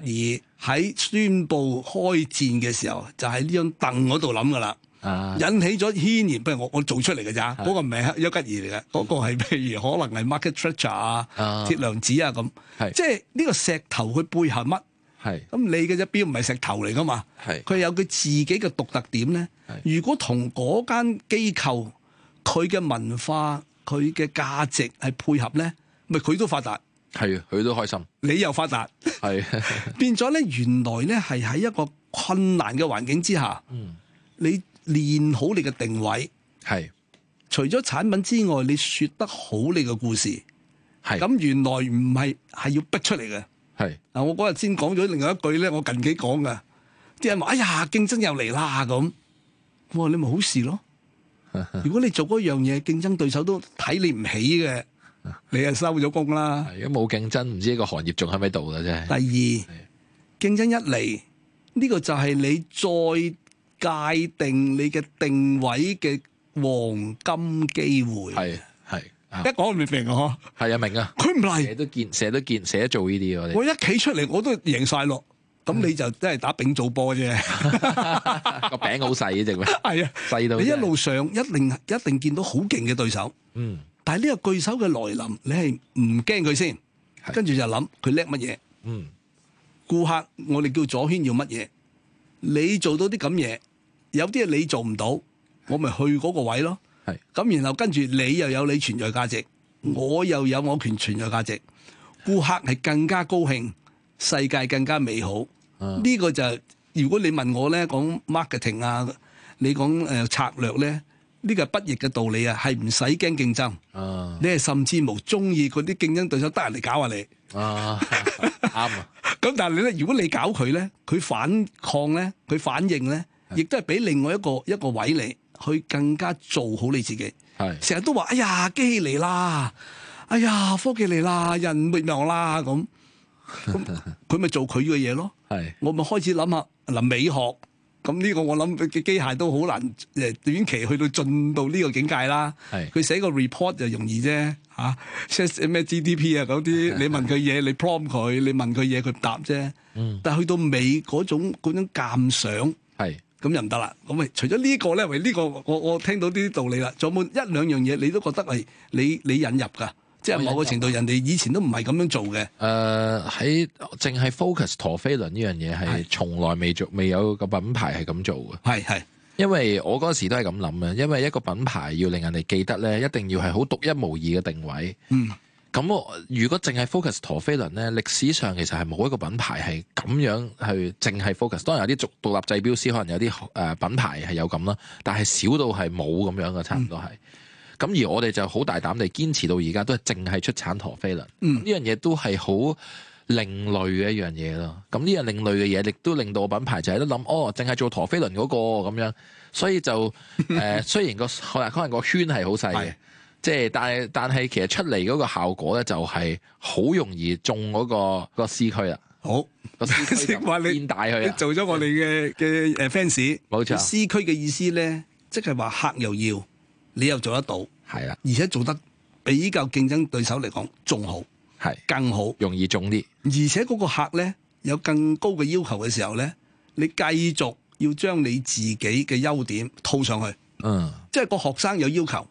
爾喺宣布開戰嘅時候，就喺呢張凳嗰度諗噶啦。引起咗牽連，不如我我做出嚟嘅咋？嗰個唔係丘吉爾嚟嘅，嗰個係譬如可能係 market trader 啊、鐵娘子啊咁。即係呢個石頭佢背後乜？咁你嘅隻錶唔係石頭嚟噶嘛？佢有佢自己嘅獨特點咧。如果同嗰間機構佢嘅文化、佢嘅價值係配合咧，咪佢都發達。係，佢都開心。你又發達，係變咗咧。原來咧係喺一個困難嘅環境之下，你。練好你嘅定位，係除咗產品之外，你說得好你嘅故事，係咁原來唔係係要逼出嚟嘅，係嗱！我嗰日先講咗另外一句咧，我近幾講嘅，啲人話哎呀競爭又嚟啦咁，我話你咪好事咯，如果你做嗰樣嘢，競爭對手都睇你唔起嘅，你啊收咗工啦。如果冇競爭，唔知呢個行業仲喺咪度嘅啫。第二，競爭一嚟呢個就係你再。界定你嘅定位嘅黃金機會係係一講明明啊嗬係啊明啊佢唔嚟，成日都見，成日都見，成日做呢啲我哋。我一企出嚟，我都贏晒落。咁你就真係打丙組波啫，個餅好細啫，係啊，細到你一路上一定一定見到好勁嘅對手。嗯，但係呢個對手嘅來臨，你係唔驚佢先？跟住就諗佢叻乜嘢？嗯，顧客我哋叫左圈要乜嘢？你做到啲咁嘢？有啲嘢你做唔到，我咪去嗰個位咯。係咁，然後跟住你又有你存在價值，我又有我權存在價值。顧客係更加高興，世界更加美好。呢個就係如果你問我咧，講 marketing 啊，你講誒策略咧，呢個不易嘅道理啊，係唔使驚競爭。你係甚至無中意嗰啲競爭對手得人嚟搞下你。啱啊。咁但係你咧，如果你搞佢咧，佢反抗咧，佢反應咧。亦都係俾另外一個一個位你去更加做好你自己。係成日都話：哎呀機器嚟啦，哎呀科技嚟啦，人滅亡啦咁。咁佢咪做佢嘅嘢咯？係是我咪開始諗下嗱美學。咁呢個我諗嘅機械都好難誒短期去到進到呢個境界啦。係佢是寫個 report 就容易啫嚇，即係咩 GDP 啊嗰啲、啊。你問佢嘢，你 prompt 佢，你問佢嘢佢答啫。嗯、但係去到美嗰種嗰種，種鑑賞咁又唔得啦，咁咪除咗呢個咧，為呢個我我聽到啲道理啦。仲有冇一兩樣嘢你都覺得係你你引入噶？即係某個程度，人哋以前都唔係咁樣做嘅。誒，喺淨係 focus 陀飛輪呢樣嘢係從來未做，係，未有個品牌係咁做嘅。係係，因為我嗰時都係咁諗嘅，因為一個品牌要令人哋記得咧，一定要係好獨一無二嘅定位。嗯。咁如果淨係 focus 陀飛輪呢，歷史上其實係冇一個品牌係咁樣去淨係 focus。當然有啲獨獨立製錶師可能有啲誒品牌係有咁啦，但係少到係冇咁樣嘅，差唔多係。咁、嗯、而我哋就好大膽地堅持到而家都係淨係出產陀飛輪，呢、嗯、樣嘢都係好另類嘅一樣嘢咯。咁呢樣另類嘅嘢，亦都令到個品牌就喺度諗，哦，淨係做陀飛輪嗰、那個咁樣，所以就誒、呃、 雖然、那個可能個圈係好細嘅。 即係，但係但係，其實出嚟嗰個效果咧，就係好容易中嗰、那個個 C 區啦。好個 C 區變大佢，你你你做咗我哋嘅嘅誒 fans。冇錯是錯，C 區嘅意思咧，即係話客又要你又做得到，係啦的，而且做得比較競爭對手嚟講仲好，係更好，的更好容易中啲。而且嗰個客咧有更高嘅要求嘅時候咧，你繼續要將你自己嘅優點套上去。嗯，即係個學生有要求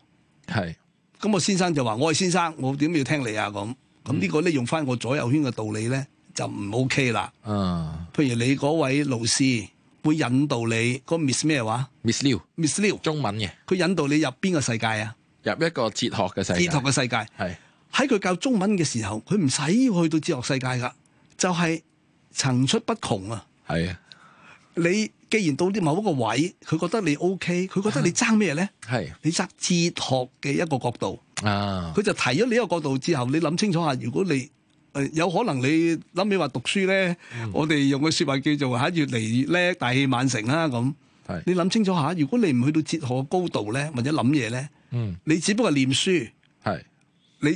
係。的咁我先生就話，我係先生，我點要聽你啊？咁咁呢個咧用翻我左右圈嘅道理咧，就唔 OK 啦。嗯，譬如你嗰位老師會引導你個 miss 咩話？Miss Liu，Miss Liu，中文嘅。佢引導你入邊個世界啊？入一個哲學嘅世界。哲學嘅世界係喺佢教中文嘅時候，佢唔使去到哲學世界噶，就係、是、層出不窮啊。係啊是，你。既然到啲某一個位，佢覺得你 OK，佢覺得你爭咩咧？係你爭哲學嘅一個角度，佢就提咗呢一個角度之後，你諗清楚下，如果你誒有可能你諗起話讀書咧，我哋用個説話叫做嚇越嚟越叻，大器晚成啦咁。你諗清楚下，如果你唔去到哲學嘅高度咧，或者諗嘢咧，你只不過係念書，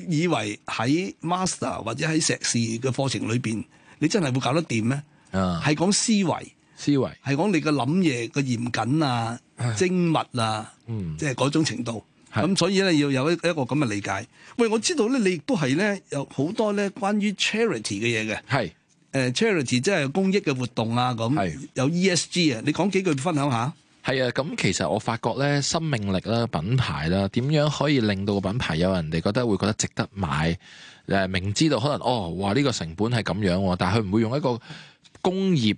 你以為喺 master 或者喺碩士嘅課程裏邊，你真係會搞得掂咩？係講思維。思維係講你嘅諗嘢嘅嚴謹啊、唉精密啊，嗯、即係嗰種程度。咁是所以咧，要有一一個咁嘅理解。喂，我知道咧，你亦都係咧有好多咧關於 charity 嘅嘢嘅。係誒、uh，charity 即係公益嘅活動啊，咁是有 ESG 啊。你講幾句分享下？係啊，咁、嗯、其實我發覺咧，生命力啦、品牌啦，點樣可以令到個品牌有人哋覺得會覺得值得買？誒、呃，明知道可能哦，哇呢、這個成本係咁樣，但係佢唔會用一個工業。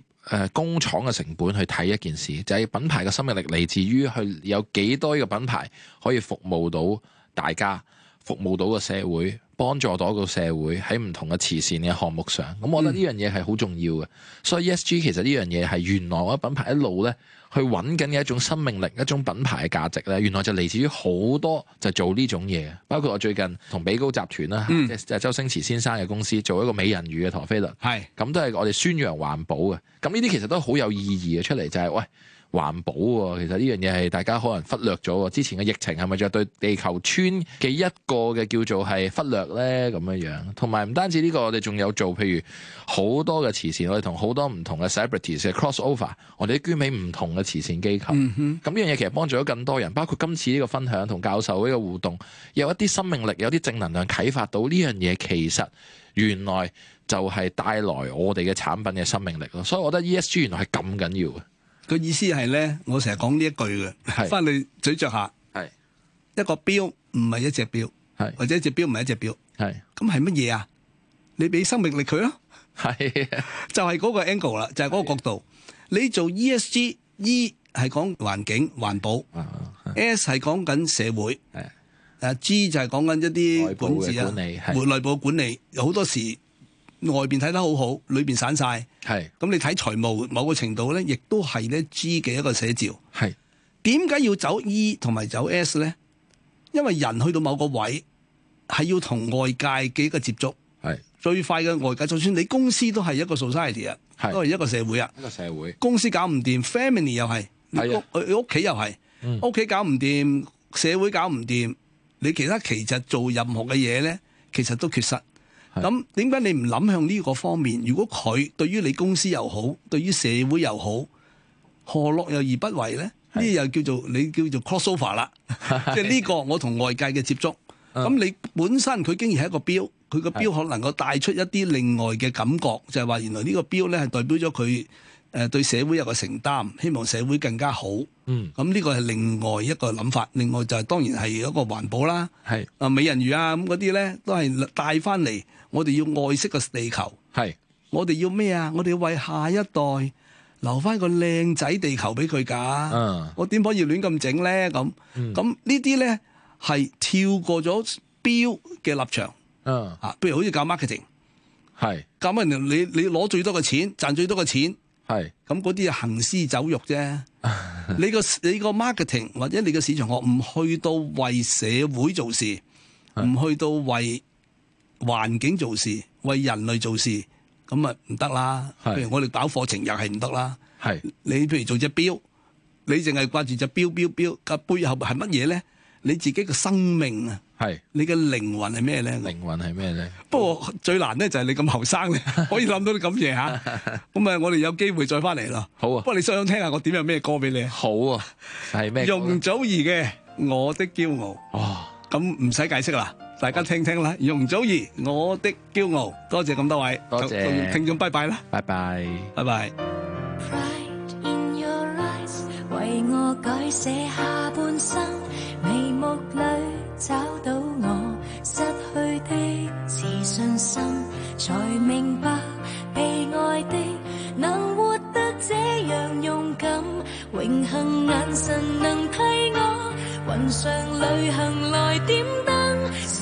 工廠嘅成本去睇一件事，就係、是、品牌嘅生命力嚟自於去有幾多呢個品牌可以服務到大家，服務到個社會，幫助到個社會喺唔同嘅慈善嘅項目上。咁我覺得呢樣嘢係好重要嘅，嗯、所以 ESG 其實呢樣嘢係原來我品牌一路呢。去揾緊嘅一種生命力、一種品牌嘅價值咧，原來就嚟自於好多就做呢種嘢，包括我最近同比高集團啦，即係、嗯、周星馳先生嘅公司做一個美人魚嘅陀飛輪，係咁是都係我哋宣揚環保嘅，咁呢啲其實都好有意義嘅出嚟、就係，就係喂。環保喎，其實呢樣嘢係大家可能忽略咗喎。之前嘅疫情係咪就係對地球村嘅一個嘅叫做係忽略呢？咁樣樣同埋唔單止呢個，我哋仲有做，譬如好多嘅慈善，我哋同好多唔同嘅 celebrities 嘅 cross over，我哋捐畀唔同嘅慈善機構。咁呢、mm hmm. 樣嘢其實幫助咗更多人，包括今次呢個分享同教授呢個互動，有一啲生命力，有啲正能量，啟發到呢樣嘢其實原來就係帶來我哋嘅產品嘅生命力咯。所以我覺得 ESG 原來係咁緊要嘅。個意思係咧，我成日講呢一句嘅，翻嚟咀嚼下，係一個表唔係一隻表，係或者一隻表唔係一隻表，係咁係乜嘢啊？你俾生命力佢咯，係就係嗰個 angle 啦，就係嗰個角度。你做 ESG，E 係講環境環保，S 係講緊社會，誒，G 就係講緊一啲管治啊，管理係，內部管理好多時。外邊睇得好好，裏邊散晒。係咁是，你睇財務某個程度咧，亦都係咧 G 嘅一個寫照。係點解要走 E 同埋走 S 咧？因為人去到某個位係要同外界嘅一個接觸。係是最快嘅外界，就算你公司都係一個 society 啊，都係一個社會啊。是一個社會，個社會公司搞唔掂，family 又係，的你屋企又係，屋企、嗯、搞唔掂，社會搞唔掂，你其他其實做任何嘅嘢咧，其實都缺失。咁點解你唔諗向呢個方面？如果佢對於你公司又好，對於社會又好，何樂又而不為咧？呢啲是的 又叫做你叫做 crossover 啦，即係呢個我同外界嘅接觸。咁、嗯、你本身佢竟然係一個標，佢個標可能，能夠帶出一啲另外嘅感覺，是的 就係話原來呢個標咧係代表咗佢誒對社會有個承擔，希望社會更加好。嗯，咁呢個係另外一個諗法，另外就係當然係一個環保啦。係啊，美人魚啊咁嗰啲咧都係帶翻嚟。我哋要愛惜個地球，係是我哋要咩啊？我哋要為下一代留翻個靚仔地球俾佢㗎。嗯，uh, 我點可以亂咁整咧？咁咁、嗯、呢啲咧係跳過咗標嘅立場。嗯，啊，譬如好似搞 marketing，係搞 m、uh, 你你攞最多嘅錢，賺最多嘅錢，係咁嗰啲啊行屍走肉啫、uh,。你個你個 marketing 或者你嘅市場我唔去到為社會做事，唔去到為。環境做事，為人類做事，咁啊唔得啦。譬如我哋教課程又係唔得啦。係你譬如做只標，你淨係掛住只標標標，個背後係乜嘢咧？你自己嘅生命啊，係你嘅靈魂係咩咧？靈魂係咩咧？不過最難咧就係你咁後生咧，可以諗到啲咁嘢吓。咁啊，我哋有機會再翻嚟咯。好啊。不過你想想聽下我點有咩歌俾你？好啊，係咩？容祖兒嘅《我的驕傲》。哦，咁唔使解釋啦。大家聽聽啦，容祖兒，我的驕傲。多謝咁多位，多謝聽眾，拜拜啦，拜拜，拜拜。Pride in your eyes，為我改寫下半生，眉目裡找到我失去的自信心，才明白被愛的，能活得這樣勇敢，永恆眼神能替我雲上旅行來點燈。